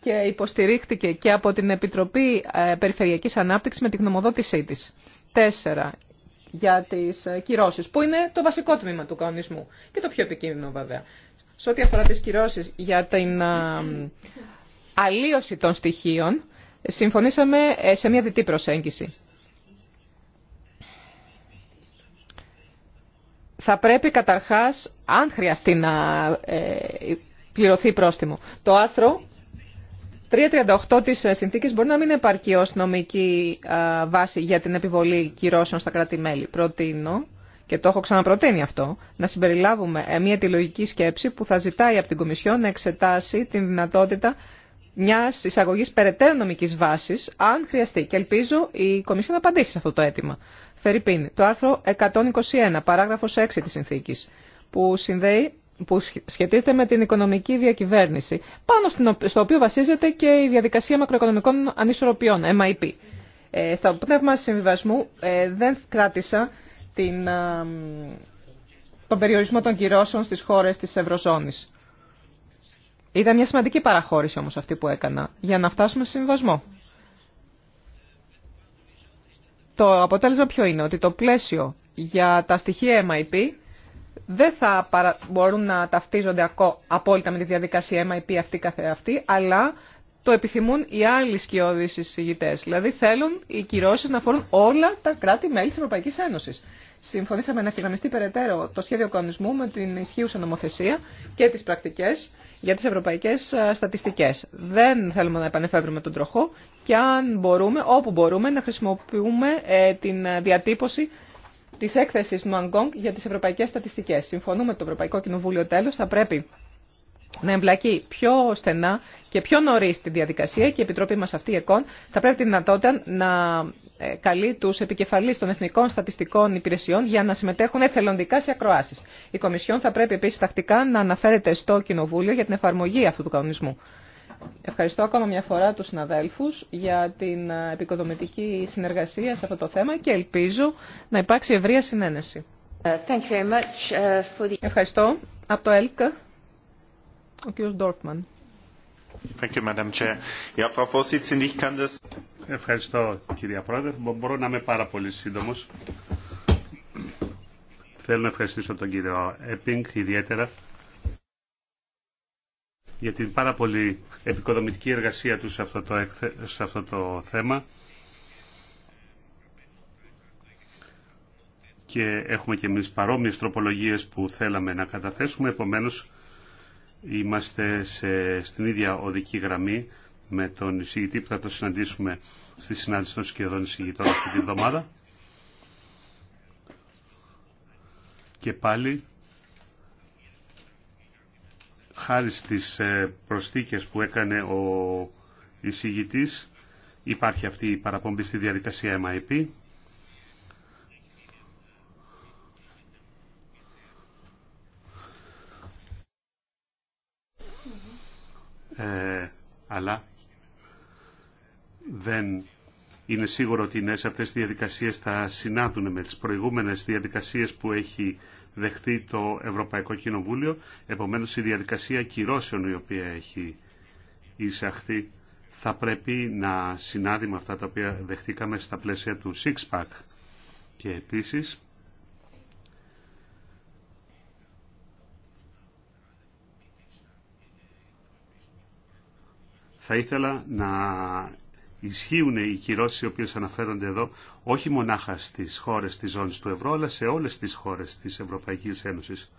και υποστηρίχτηκε και από την Επιτροπή ε, Περιφερειακής Ανάπτυξης με την γνωμοδότησή της. Τέσσερα για τις ε, κυρώσεις, που είναι το βασικό τμήμα του κανονισμού και το πιο επικίνδυνο βέβαια. Σε ό,τι αφορά τις κυρώσεις για την ε, αλλίωση των στοιχείων, συμφωνήσαμε σε μια διτή προσέγγιση. θα πρέπει καταρχάς, αν χρειαστεί να ε, πληρωθεί πρόστιμο. Το άρθρο 338 της συνθήκης μπορεί να μην επαρκεί ως νομική βάση για την επιβολή κυρώσεων στα κράτη-μέλη. Προτείνω, και το έχω ξαναπροτείνει αυτό, να συμπεριλάβουμε ε, μια τη σκέψη που θα ζητάει από την Κομισιό να εξετάσει την δυνατότητα μια εισαγωγή περαιτέρω νομική βάση, αν χρειαστεί. Και ελπίζω η Κομισιόν να απαντήσει σε αυτό το αίτημα. Φερρυπίν, το άρθρο 121, παράγραφος 6 της συνθήκης, που, συνδέει, που σχετίζεται με την οικονομική διακυβέρνηση, πάνω στο οποίο βασίζεται και η διαδικασία μακροοικονομικών ανισορροπιών, MIP. Ε, στο πνεύμα συμβιβασμού ε, δεν κράτησα την, τον περιορισμό των κυρώσεων στις χώρες της Ευρωζώνης. Ήταν μια σημαντική παραχώρηση όμως αυτή που έκανα για να φτάσουμε σε συμβιβασμό. Το αποτέλεσμα ποιο είναι, ότι το πλαίσιο για τα στοιχεία MIP δεν θα μπορούν να ταυτίζονται απόλυτα με τη διαδικασία MIP αυτή καθεαυτή, αλλά το επιθυμούν οι άλλοι σκιώδεις συζητητές. Δηλαδή θέλουν οι κυρώσεις να αφορούν όλα τα κράτη-μέλη της Ευρωπαϊκής Ένωσης. Συμφωνήσαμε να ευθυγραμμιστεί περαιτέρω το σχέδιο κανονισμού με την ισχύουσα νομοθεσία και τις πρακτικές για τις ευρωπαϊκές στατιστικές. Δεν θέλουμε να επανεφεύρουμε τον τροχό και αν μπορούμε, όπου μπορούμε, να χρησιμοποιούμε ε, την ε, διατύπωση της έκθεσης Μαγκόγκ για τις ευρωπαϊκές στατιστικές. Συμφωνούμε το Ευρωπαϊκό Κοινοβούλιο τέλος, θα πρέπει να εμπλακεί πιο στενά και πιο νωρί τη διαδικασία και η Επιτροπή μα αυτή, η ΕΚΟΝ, θα πρέπει τη δυνατότητα να ε, καλεί του επικεφαλεί των Εθνικών Στατιστικών Υπηρεσιών για να συμμετέχουν εθελοντικά σε ακροάσει. Η Κομισιόν θα πρέπει επίση τακτικά να αναφέρεται στο Κοινοβούλιο για την εφαρμογή αυτού του κανονισμού. Ευχαριστώ ακόμα μια φορά τους συναδέλφους για την ε, επικοδομητική συνεργασία σε αυτό το θέμα και ελπίζω να υπάρξει ευρεία συνένεση. Uh, thank you very much uh, for the... Ευχαριστώ. Από το ΕΛΚΑ. Ο κύριος Ντόρφμαν. Ευχαριστώ κυρία Πρόεδρε. Μπορώ να είμαι πάρα πολύ σύντομο. Θέλω να ευχαριστήσω τον κύριο Έπινγκ ιδιαίτερα για την πάρα πολύ επικοδομητική εργασία του σε αυτό το, σε αυτό το θέμα. Και έχουμε και εμείς παρόμοιες τροπολογίες που θέλαμε να καταθέσουμε, επομένως Είμαστε σε, στην ίδια οδική γραμμή με τον εισηγητή που θα το συναντήσουμε στη συνάντηση των σχεδόν εισηγητών αυτή την εβδομάδα. Και πάλι, χάρη στις ε, προσθήκες που έκανε ο εισηγητής, υπάρχει αυτή η παραπομπή στη διαδικασία MIP Ε, αλλά δεν είναι σίγουρο ότι οι νέες αυτές διαδικασίες θα συνάδουν με τις προηγούμενες διαδικασίες που έχει δεχθεί το Ευρωπαϊκό Κοινοβούλιο. Επομένως η διαδικασία κυρώσεων η οποία έχει εισαχθεί θα πρέπει να συνάδει με αυτά τα οποία δεχτήκαμε στα πλαίσια του Six Και επίσης Θα ήθελα να ισχύουν οι κυρώσεις οι οποίες αναφέρονται εδώ όχι μονάχα στις χώρες της ζώνης του ευρώ αλλά σε όλες τις χώρες της Ευρωπαϊκής Ένωσης.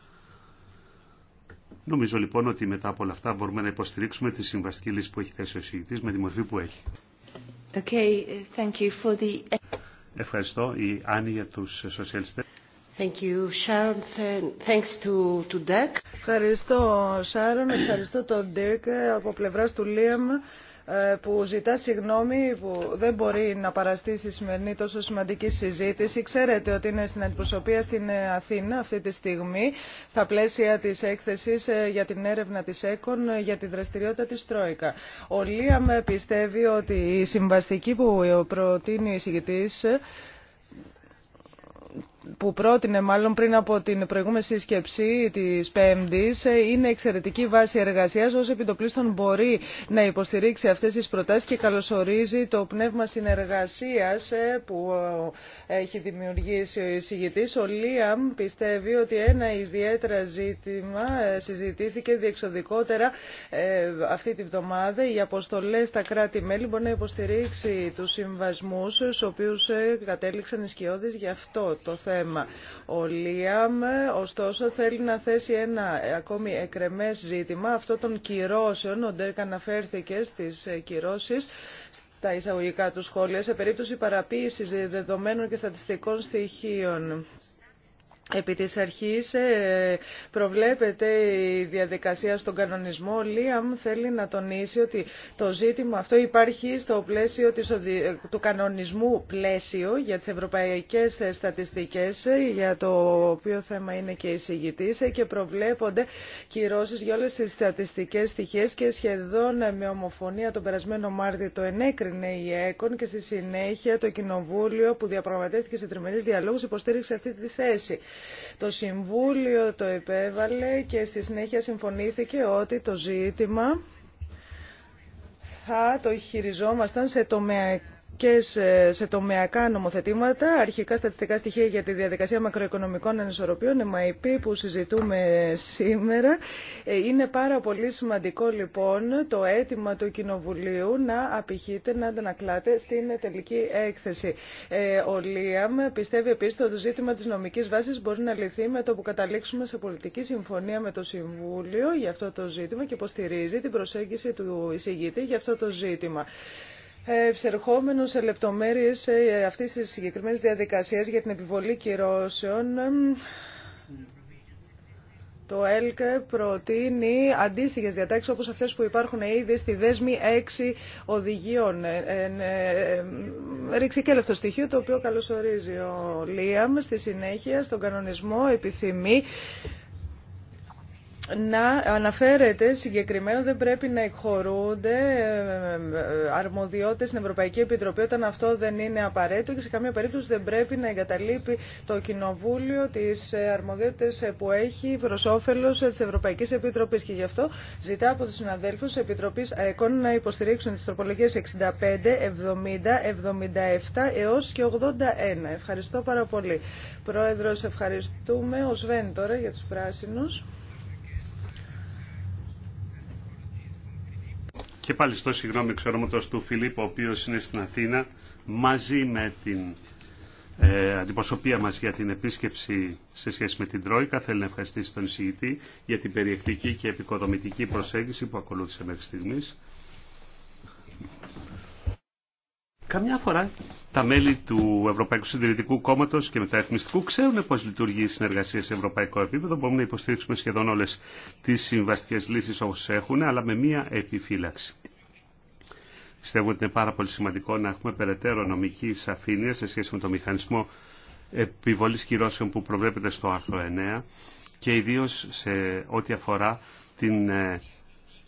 Νομίζω λοιπόν ότι μετά από όλα αυτά μπορούμε να υποστηρίξουμε τη συμβαστική λύση που έχει θέσει ο συγητής με τη μορφή που έχει. Okay, thank you for the... Ευχαριστώ η Άννη για τους σοσιαλιστές. Ευχαριστώ, Σάρων, Ευχαριστώ τον Ντίρκ από πλευρά του Λίαμ ε, που ζητά συγγνώμη που δεν μπορεί να παραστεί στη σημερινή τόσο σημαντική συζήτηση. Ξέρετε ότι είναι στην αντιπροσωπεία στην ε, Αθήνα αυτή τη στιγμή, στα πλαίσια τη έκθεση ε, για την έρευνα της ΕΚΟΝ για τη δραστηριότητα της Τρόικα. Ο Λίαμ πιστεύει ότι η συμβαστική που προτείνει η συγκητής που πρότεινε μάλλον πριν από την προηγούμενη σύσκεψη τη Πέμπτη είναι εξαιρετική βάση εργασία. Ω επιτοπλίστων μπορεί να υποστηρίξει αυτέ τι προτάσει και καλωσορίζει το πνεύμα συνεργασία ε, που ε, έχει δημιουργήσει ο εισηγητή. Ο Λίαμ πιστεύει ότι ένα ιδιαίτερα ζήτημα ε, συζητήθηκε διεξοδικότερα αυτή τη βδομάδα. Οι αποστολέ στα κράτη-μέλη μπορεί να υποστηρίξει του συμβασμού στου κατέληξαν οι σκιώδες για αυτό το θέμα. Ο Λίαμ, ωστόσο, θέλει να θέσει ένα ακόμη εκρεμές ζήτημα, αυτό των κυρώσεων. Ο Ντέρκ αναφέρθηκε στις κυρώσεις στα εισαγωγικά του σχόλια σε περίπτωση παραποίησης δεδομένων και στατιστικών στοιχείων. Επί της αρχής ε, προβλέπεται η διαδικασία στον κανονισμό. Ο Λίαμ θέλει να τονίσει ότι το ζήτημα αυτό υπάρχει στο πλαίσιο ε, του κανονισμού πλαίσιο για τις ευρωπαϊκές στατιστικές, ε, για το οποίο θέμα είναι και εισηγητή και προβλέπονται κυρώσεις για όλες τις στατιστικές στοιχείες και σχεδόν με ομοφωνία τον περασμένο Μάρτιο το ενέκρινε η ΕΚΟΝ και στη συνέχεια το Κοινοβούλιο που διαπραγματεύτηκε σε τριμερείς διαλόγους υποστήριξε αυτή τη θέση. Το Συμβούλιο το επέβαλε και στη συνέχεια συμφωνήθηκε ότι το ζήτημα θα το χειριζόμασταν σε τομεακή και σε τομεακά νομοθετήματα, αρχικά στατιστικά στοιχεία για τη διαδικασία μακροοικονομικών ανισορροπίων, MIP, που συζητούμε σήμερα. Ε, είναι πάρα πολύ σημαντικό λοιπόν το αίτημα του Κοινοβουλίου να απηχείται, να αντανακλάται στην τελική έκθεση. Ε, ο Λίαμ πιστεύει επίση ότι το ζήτημα τη νομική βάση μπορεί να λυθεί με το που καταλήξουμε σε πολιτική συμφωνία με το Συμβούλιο για αυτό το ζήτημα και υποστηρίζει την προσέγγιση του εισηγητή για αυτό το ζήτημα. Ευσερχόμενος σε λεπτομέρειες ε, αυτής της συγκεκριμένης διαδικασίας για την επιβολή κυρώσεων, ε, το ΕΛΚΕ προτείνει αντίστοιχες διατάξεις όπως αυτές που υπάρχουν ήδη στη δέσμη 6 οδηγιών. Ε, ρίξει και στοιχείο το οποίο καλωσορίζει ο Λίαμ στη συνέχεια στον κανονισμό επιθυμεί να αναφέρεται συγκεκριμένα δεν πρέπει να εκχωρούνται ε, ε, αρμοδιότητες στην Ευρωπαϊκή Επιτροπή όταν αυτό δεν είναι απαραίτητο και σε καμία περίπτωση δεν πρέπει να εγκαταλείπει το Κοινοβούλιο τις ε, αρμοδιότητες που έχει προς όφελος της Ευρωπαϊκής Επιτροπής και γι' αυτό ζητά από τους συναδέλφους της Επιτροπής ΑΕΚΟΝ να υποστηρίξουν τις τροπολογίες 65, 70, 77 έως και 81. Ευχαριστώ πάρα πολύ. Πρόεδρος, ευχαριστούμε. Ο Σβέν τώρα για τους πράσινους. Και πάλι στο συγγνώμη εξωρώματος του Φιλίππο, ο οποίος είναι στην Αθήνα, μαζί με την ε, αντιπροσωπεία μας για την επίσκεψη σε σχέση με την Τρόικα. Θέλει να ευχαριστήσει τον εισηγητή για την περιεκτική και επικοδομητική προσέγγιση που ακολούθησε μέχρι στιγμής. Καμιά φορά τα μέλη του Ευρωπαϊκού Συντηρητικού Κόμματο και Μεταρρυθμιστικού ξέρουν πώ λειτουργεί η συνεργασία σε ευρωπαϊκό επίπεδο. Μπορούμε να υποστηρίξουμε σχεδόν όλε τι συμβαστικέ λύσει όπω έχουν, αλλά με μία επιφύλαξη. Πιστεύω ότι είναι πάρα πολύ σημαντικό να έχουμε περαιτέρω νομική σαφήνεια σε σχέση με το μηχανισμό επιβολή κυρώσεων που προβλέπεται στο άρθρο 9 και ιδίω σε ό,τι αφορά την ε,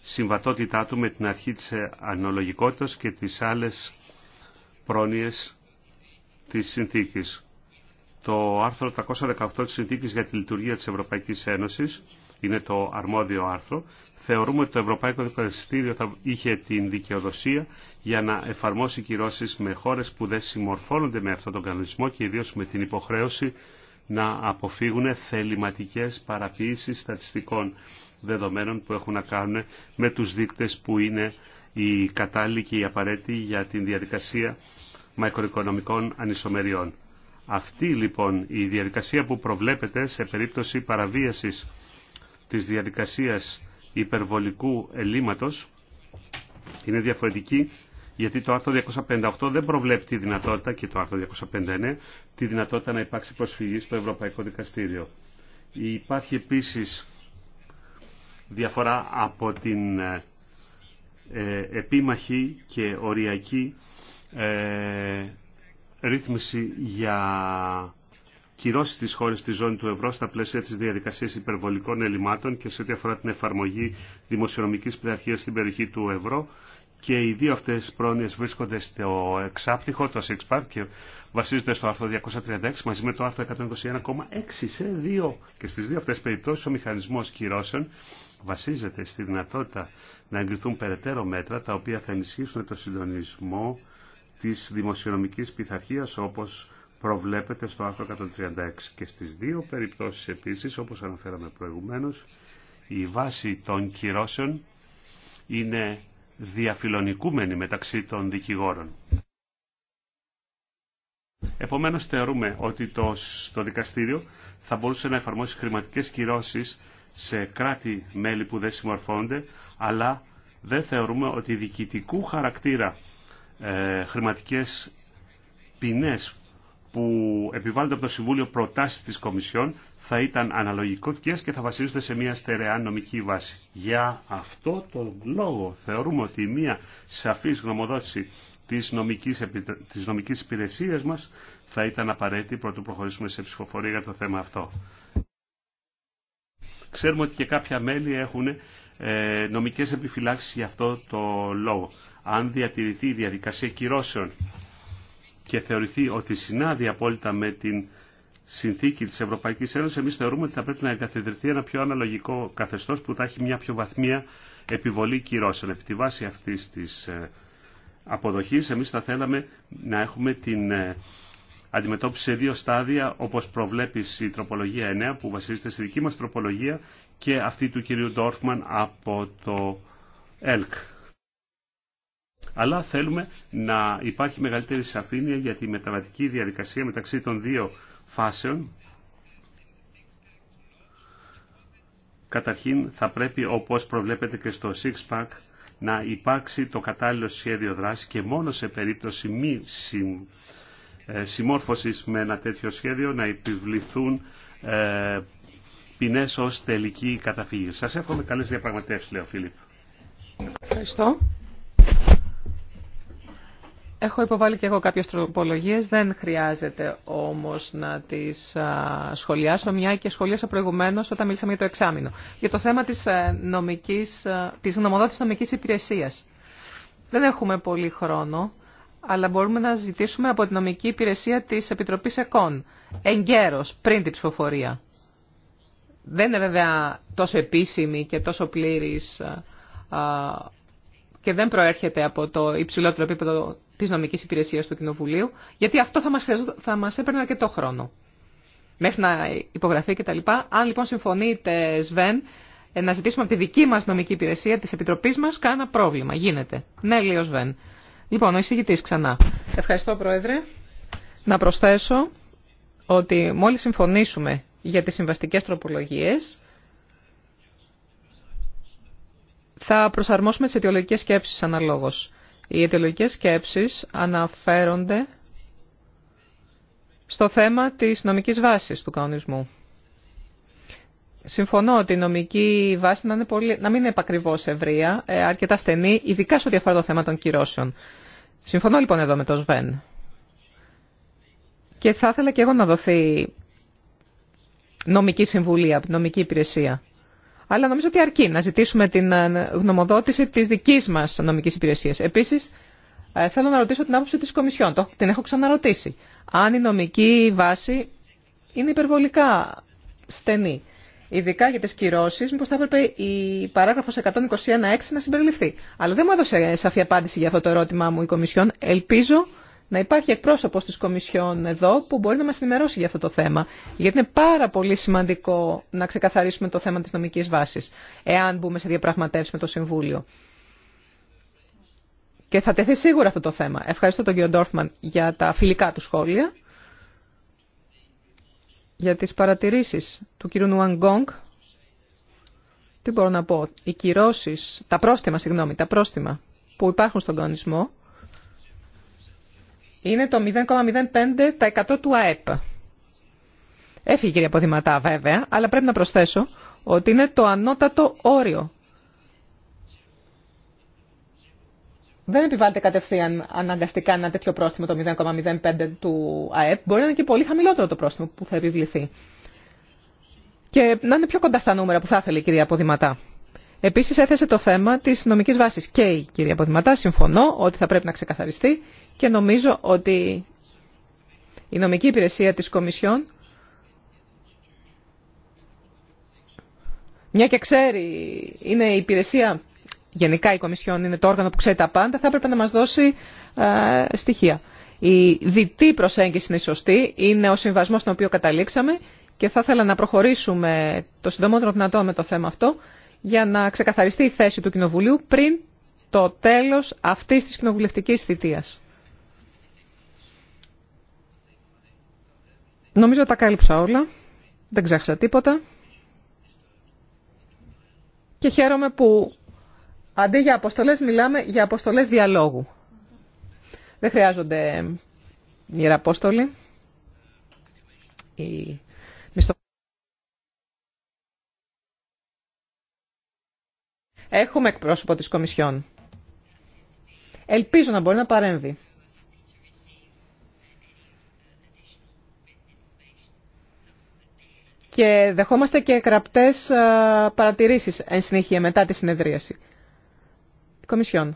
συμβατότητά του με την αρχή της ε, αναλογικότητας και τις άλλες πρόνοιες της συνθήκης. Το άρθρο 318 της συνθήκης για τη λειτουργία της Ευρωπαϊκής Ένωσης είναι το αρμόδιο άρθρο. Θεωρούμε ότι το Ευρωπαϊκό Δικαστήριο θα είχε την δικαιοδοσία για να εφαρμόσει κυρώσεις με χώρες που δεν συμμορφώνονται με αυτόν τον κανονισμό και ιδίως με την υποχρέωση να αποφύγουν θεληματικές παραποίησεις στατιστικών δεδομένων που έχουν να κάνουν με τους δείκτες που είναι η κατάλληλη και η απαραίτητη για την διαδικασία μακροοικονομικών ανισομεριών. Αυτή λοιπόν η διαδικασία που προβλέπεται σε περίπτωση παραβίασης της διαδικασίας υπερβολικού ελλείμματος είναι διαφορετική γιατί το άρθρο 258 δεν προβλέπει τη δυνατότητα και το άρθρο 259 τη δυνατότητα να υπάρξει προσφυγή στο Ευρωπαϊκό Δικαστήριο. Υπάρχει επίσης διαφορά από την ε, ε, επίμαχη και οριακή ε, ρύθμιση για κυρώσει τη χώρα στη ζώνη του ευρώ στα πλαίσια τη διαδικασία υπερβολικών ελλημάτων και σε ό,τι αφορά την εφαρμογή δημοσιονομική πειθαρχία στην περιοχή του ευρώ. Και οι δύο αυτέ πρόνοιε βρίσκονται στο εξάπτυχο, το six pack, και βασίζονται στο άρθρο 236 μαζί με το άρθρο 121,6 σε δύο. Και στι δύο αυτέ περιπτώσει ο μηχανισμό κυρώσεων βασίζεται στη δυνατότητα να εγκριθούν περαιτέρω μέτρα τα οποία θα ενισχύσουν το συντονισμό της δημοσιονομικής πειθαρχία όπως προβλέπεται στο άρθρο 136. Και στις δύο περιπτώσεις επίσης, όπως αναφέραμε προηγουμένως, η βάση των κυρώσεων είναι διαφιλονικούμενη μεταξύ των δικηγόρων. Επομένως θεωρούμε ότι το, το δικαστήριο θα μπορούσε να εφαρμόσει χρηματικές κυρώσεις σε κράτη-μέλη που δεν συμμορφώνονται, αλλά δεν θεωρούμε ότι διοικητικού χαρακτήρα ε, χρηματικές ποινές που επιβάλλονται από το Συμβούλιο προτάσεις της Κομισιόν θα ήταν αναλογικό και θα βασίζονται σε μια στερεά νομική βάση. Για αυτό τον λόγο θεωρούμε ότι μια σαφής γνωμοδότηση της νομικής, της νομικής υπηρεσίας μας θα ήταν απαραίτητη πρωτού προχωρήσουμε σε ψηφοφορία για το θέμα αυτό. Ξέρουμε ότι και κάποια μέλη έχουν ε, νομικές επιφυλάξεις για αυτό το λόγο. Αν διατηρηθεί η διαδικασία κυρώσεων και θεωρηθεί ότι συνάδει απόλυτα με την συνθήκη της Ευρωπαϊκής Ένωσης, εμείς θεωρούμε ότι θα πρέπει να εγκαθιδρυθεί ένα πιο αναλογικό καθεστώς που θα έχει μια πιο βαθμία επιβολή κυρώσεων. Επί τη βάση αυτής της ε, αποδοχής, εμείς θα θέλαμε να έχουμε την ε, αντιμετώπισε δύο στάδια, όπως προβλέπει η τροπολογία 9 που βασίζεται στη δική μας τροπολογία και αυτή του κυρίου Ντόρφμαν από το ΕΛΚ. Αλλά θέλουμε να υπάρχει μεγαλύτερη σαφήνεια για τη μεταβατική διαδικασία μεταξύ των δύο φάσεων. Καταρχήν θα πρέπει όπως προβλέπετε και στο Six να υπάρξει το κατάλληλο σχέδιο δράση και μόνο σε περίπτωση μη ε, συμμόρφωσης με ένα τέτοιο σχέδιο να επιβληθούν ε, ποινές ως τελική καταφύγη. Σας εύχομαι καλές διαπραγματεύσεις, λέω Φίλιπ. Ευχαριστώ. Έχω υποβάλει και εγώ κάποιες τροπολογίες, δεν χρειάζεται όμως να τις σχολιάσω μια και σχολίασα προηγουμένως όταν μίλησαμε για το εξάμεινο. Για το θέμα της, ε, νομικής, ε, της υπηρεσία. νομικής υπηρεσίας. Δεν έχουμε πολύ χρόνο αλλά μπορούμε να ζητήσουμε από την νομική υπηρεσία της Επιτροπής ΕΚΟΝ, εγκαίρος, πριν την ψηφοφορία. Δεν είναι βέβαια τόσο επίσημη και τόσο πλήρης και δεν προέρχεται από το υψηλότερο επίπεδο της νομικής υπηρεσίας του Κοινοβουλίου, γιατί αυτό θα μας, θα μας έπαιρνε αρκετό χρόνο. Μέχρι να υπογραφεί κτλ. Αν λοιπόν συμφωνείτε, Σβέν, ε, να ζητήσουμε από τη δική μας νομική υπηρεσία της Επιτροπής μας κάνα πρόβλημα. Γίνεται. Ναι, λέει ο Σβέν. Λοιπόν, ο εισηγητή ξανά. Ευχαριστώ, Πρόεδρε. Να προσθέσω ότι μόλις συμφωνήσουμε για τις συμβαστικές τροπολογίες, θα προσαρμόσουμε τις αιτιολογικές σκέψεις αναλόγως. Οι αιτιολογικές σκέψεις αναφέρονται στο θέμα της νομικής βάσης του κανονισμού. Συμφωνώ ότι η νομική βάση να, είναι πολύ, να μην είναι επακριβώς ευρεία, ε, αρκετά στενή, ειδικά στο διαφορά το θέμα των κυρώσεων. Συμφωνώ λοιπόν εδώ με τον Σβέν. Και θα ήθελα και εγώ να δοθεί νομική συμβουλή από την νομική υπηρεσία. Αλλά νομίζω ότι αρκεί να ζητήσουμε την ε, γνωμοδότηση της δικής μας νομικής υπηρεσίας. Επίσης, ε, θέλω να ρωτήσω την άποψη της Κομισιόν. Την έχω ξαναρωτήσει. Αν η νομική βάση είναι υπερβολικά στενή ειδικά για τις κυρώσει, μήπω θα έπρεπε η παράγραφος 121.6 να συμπεριληφθεί. Αλλά δεν μου έδωσε σαφή απάντηση για αυτό το ερώτημά μου η Κομισιόν. Ελπίζω να υπάρχει εκπρόσωπο τη Κομισιόν εδώ που μπορεί να μα ενημερώσει για αυτό το θέμα. Γιατί είναι πάρα πολύ σημαντικό να ξεκαθαρίσουμε το θέμα τη νομική βάση, εάν μπούμε σε διαπραγματεύσει με το Συμβούλιο. Και θα τεθεί σίγουρα αυτό το θέμα. Ευχαριστώ τον κύριο Ντόρφμαν για τα φιλικά του σχόλια για τις παρατηρήσεις του κύριου Νουανγκόγκ, τι μπορώ να πω, οι κυρώσεις, τα πρόστιμα, συγγνώμη, τα πρόστιμα που υπάρχουν στον κανονισμό είναι το 0,05% του ΑΕΠ. Έφυγε η κυρία Ποδηματά βέβαια, αλλά πρέπει να προσθέσω ότι είναι το ανώτατο όριο δεν επιβάλλεται κατευθείαν αναγκαστικά ένα τέτοιο πρόστιμο το 0,05 του ΑΕΠ. Μπορεί να είναι και πολύ χαμηλότερο το πρόστιμο που θα επιβληθεί. Και να είναι πιο κοντά στα νούμερα που θα ήθελε η κυρία αποδηματά. Επίση έθεσε το θέμα τη νομική βάση και η κυρία Ποδηματά. Συμφωνώ ότι θα πρέπει να ξεκαθαριστεί και νομίζω ότι η νομική υπηρεσία τη Κομισιόν. Μια και ξέρει, είναι η υπηρεσία γενικά η Κομισιόν είναι το όργανο που ξέρει τα πάντα, θα έπρεπε να μας δώσει ε, στοιχεία. Η διτή προσέγγιση είναι σωστή, είναι ο συμβασμός στον οποίο καταλήξαμε και θα ήθελα να προχωρήσουμε το συντομότερο δυνατό με το θέμα αυτό για να ξεκαθαριστεί η θέση του Κοινοβουλίου πριν το τέλος αυτής της κοινοβουλευτικής θητείας. Νομίζω τα κάλυψα όλα, δεν ξέχασα τίποτα και χαίρομαι που Αντί για αποστολέ, μιλάμε για αποστολέ διαλόγου. Δεν χρειάζονται ιεραπόστολοι. Οι... Έχουμε εκπρόσωπο της Κομισιόν. Ελπίζω να μπορεί να παρέμβει. Και δεχόμαστε και κραπτές παρατηρήσεις εν συνεχεία μετά τη συνεδρίαση. Κομισιόν.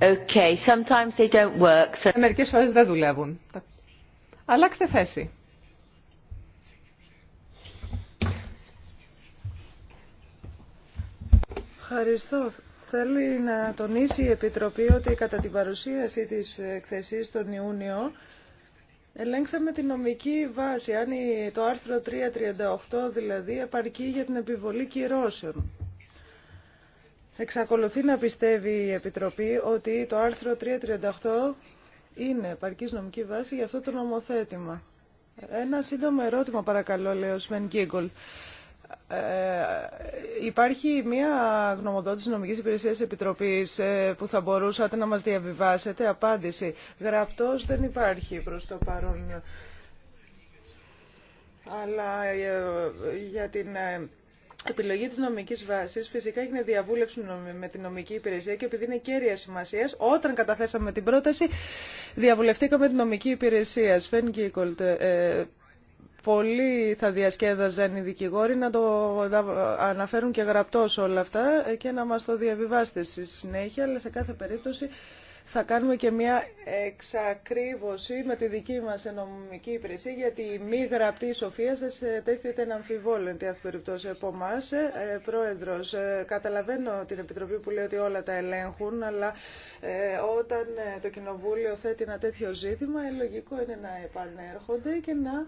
Okay, sometimes they don't work, so... Μερικές φορές δεν δουλεύουν. Αλλάξτε θέση. Ευχαριστώ. Θέλει να τονίσει η Επιτροπή ότι κατά την παρουσίαση της εκθεσής τον Ιούνιο Ελέγξαμε τη νομική βάση, αν το άρθρο 338 δηλαδή επαρκεί για την επιβολή κυρώσεων. Εξακολουθεί να πιστεύει η Επιτροπή ότι το άρθρο 338 είναι επαρκής νομική βάση για αυτό το νομοθέτημα. Ένα σύντομο ερώτημα παρακαλώ, λέει ο Σμεν ε, υπάρχει μια γνωμοδότηση νομικής υπηρεσίας επιτροπής ε, που θα μπορούσατε να μας διαβιβάσετε απάντηση. Γραπτός δεν υπάρχει προς το παρόν. Αλλά ε, για την επιλογή της νομικής βάσης φυσικά έγινε διαβούλευση με την νομική υπηρεσία και επειδή είναι κέρια σημασίας, όταν καταθέσαμε την πρόταση διαβουλευτήκαμε την νομική υπηρεσία. Σφέν Πολλοί θα διασκέδαζαν οι δικηγόροι να το αναφέρουν και γραπτός όλα αυτά και να μας το διαβιβάσετε στη συνέχεια, αλλά σε κάθε περίπτωση θα κάνουμε και μια εξακρίβωση με τη δική μας νομική υπηρεσία, γιατί η μη γραπτή σοφία σας τέθεται να αυτό περιπτώσει, από εμά. Ε, ε, πρόεδρος, ε, καταλαβαίνω την Επιτροπή που λέει ότι όλα τα ελέγχουν, αλλά όταν το Κοινοβούλιο θέτει ένα τέτοιο ζήτημα, λογικό είναι να επανέρχονται και να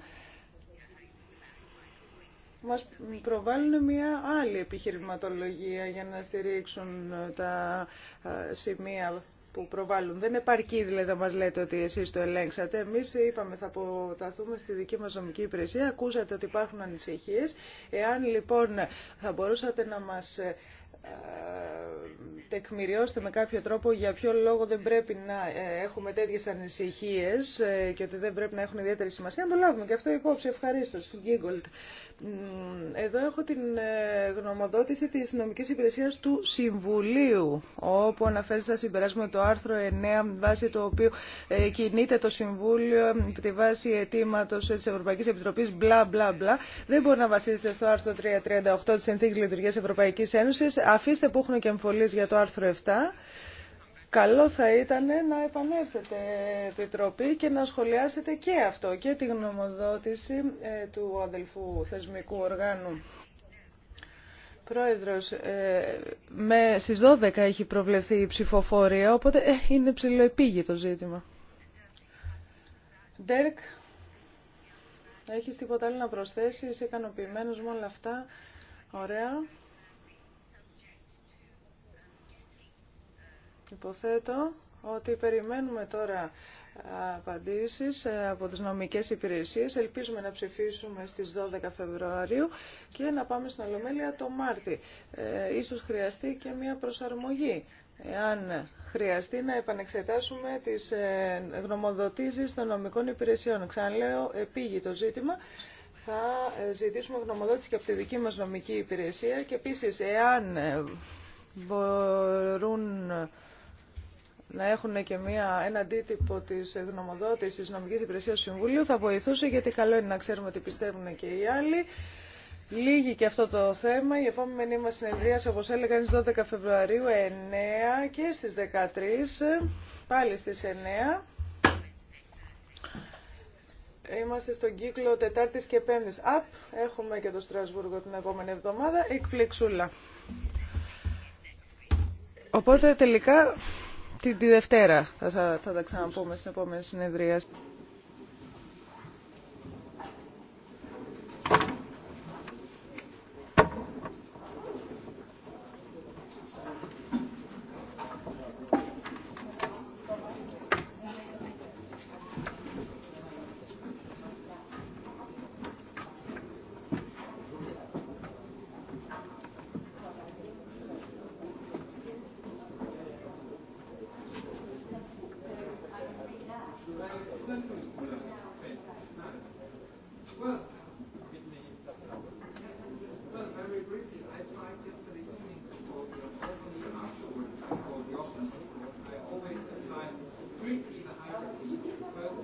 μας προβάλλουν μια άλλη επιχειρηματολογία για να στηρίξουν ε, τα ε, σημεία που προβάλλουν. Δεν επαρκεί δηλαδή να μας λέτε ότι εσείς το ελέγξατε. Εμείς είπαμε θα αποταθούμε στη δική μας νομική υπηρεσία. Ακούσατε ότι υπάρχουν ανησυχίες. Εάν λοιπόν θα μπορούσατε να μας ε, ε, τεκμηριώστε με κάποιο τρόπο για ποιο λόγο δεν πρέπει να ε, έχουμε τέτοιες ανησυχίες ε, και ότι δεν πρέπει να έχουν ιδιαίτερη σημασία. Να το λάβουμε και αυτό υπόψη. Ευχαρίστω, Γκίγκολτ. Εδώ έχω την γνωμοδότηση της νομικής υπηρεσίας του Συμβουλίου, όπου αναφέρει στα συμπεράσματα το άρθρο 9, βάση το οποίο κινείται το Συμβούλιο με τη βάση αιτήματος της Ευρωπαϊκής Επιτροπής, μπλα μπλα μπλα. Δεν μπορεί να βασίζεται στο άρθρο 338 της Συνθήκης Λειτουργίας Ευρωπαϊκής Ένωσης, αφήστε που έχουν και εμφωλείς για το άρθρο 7. Καλό θα ήταν να επανέλθετε επιτροπή και να σχολιάσετε και αυτό και τη γνωμοδότηση ε, του αδελφού θεσμικού οργάνου. Πρόεδρος, ε, με, στις 12 έχει προβλεφθεί η ψηφοφορία, οπότε ε, είναι ψηλοεπίγη το ζήτημα. Ντέρκ, έχεις τίποτα άλλο να προσθέσεις, είσαι ικανοποιημένος με όλα αυτά. Ωραία. Υποθέτω ότι περιμένουμε τώρα απαντήσεις ε, από τις νομικές υπηρεσίες. Ελπίζουμε να ψηφίσουμε στις 12 Φεβρουαρίου και να πάμε στην Ολομέλεια το Μάρτι. Ε, ίσως χρειαστεί και μια προσαρμογή. Εάν χρειαστεί να επανεξετάσουμε τις ε, γνωμοδοτήσεις των νομικών υπηρεσιών. Ξαναλέω, επίγει το ζήτημα. Θα ε, ζητήσουμε γνωμοδότηση και από τη δική μας νομική υπηρεσία και επίσης εάν μπορούν να έχουν και μια, ένα αντίτυπο τη γνωμοδότηση τη Νομική Υπηρεσία του Συμβουλίου θα βοηθούσε γιατί καλό είναι να ξέρουμε τι πιστεύουν και οι άλλοι. Λίγη και αυτό το θέμα. Η επόμενη μα συνεδρίαση, όπω έλεγα, είναι στις 12 Φεβρουαρίου, 9 και στις 13, πάλι στις 9. Είμαστε στον κύκλο Τετάρτης και Πέμπτης. Απ, έχουμε και το Στρασβούργο την επόμενη εβδομάδα, εκπληξούλα. Οπότε τελικά την Δευτέρα θα, τα ξαναπούμε στην επόμενη συνεδρία.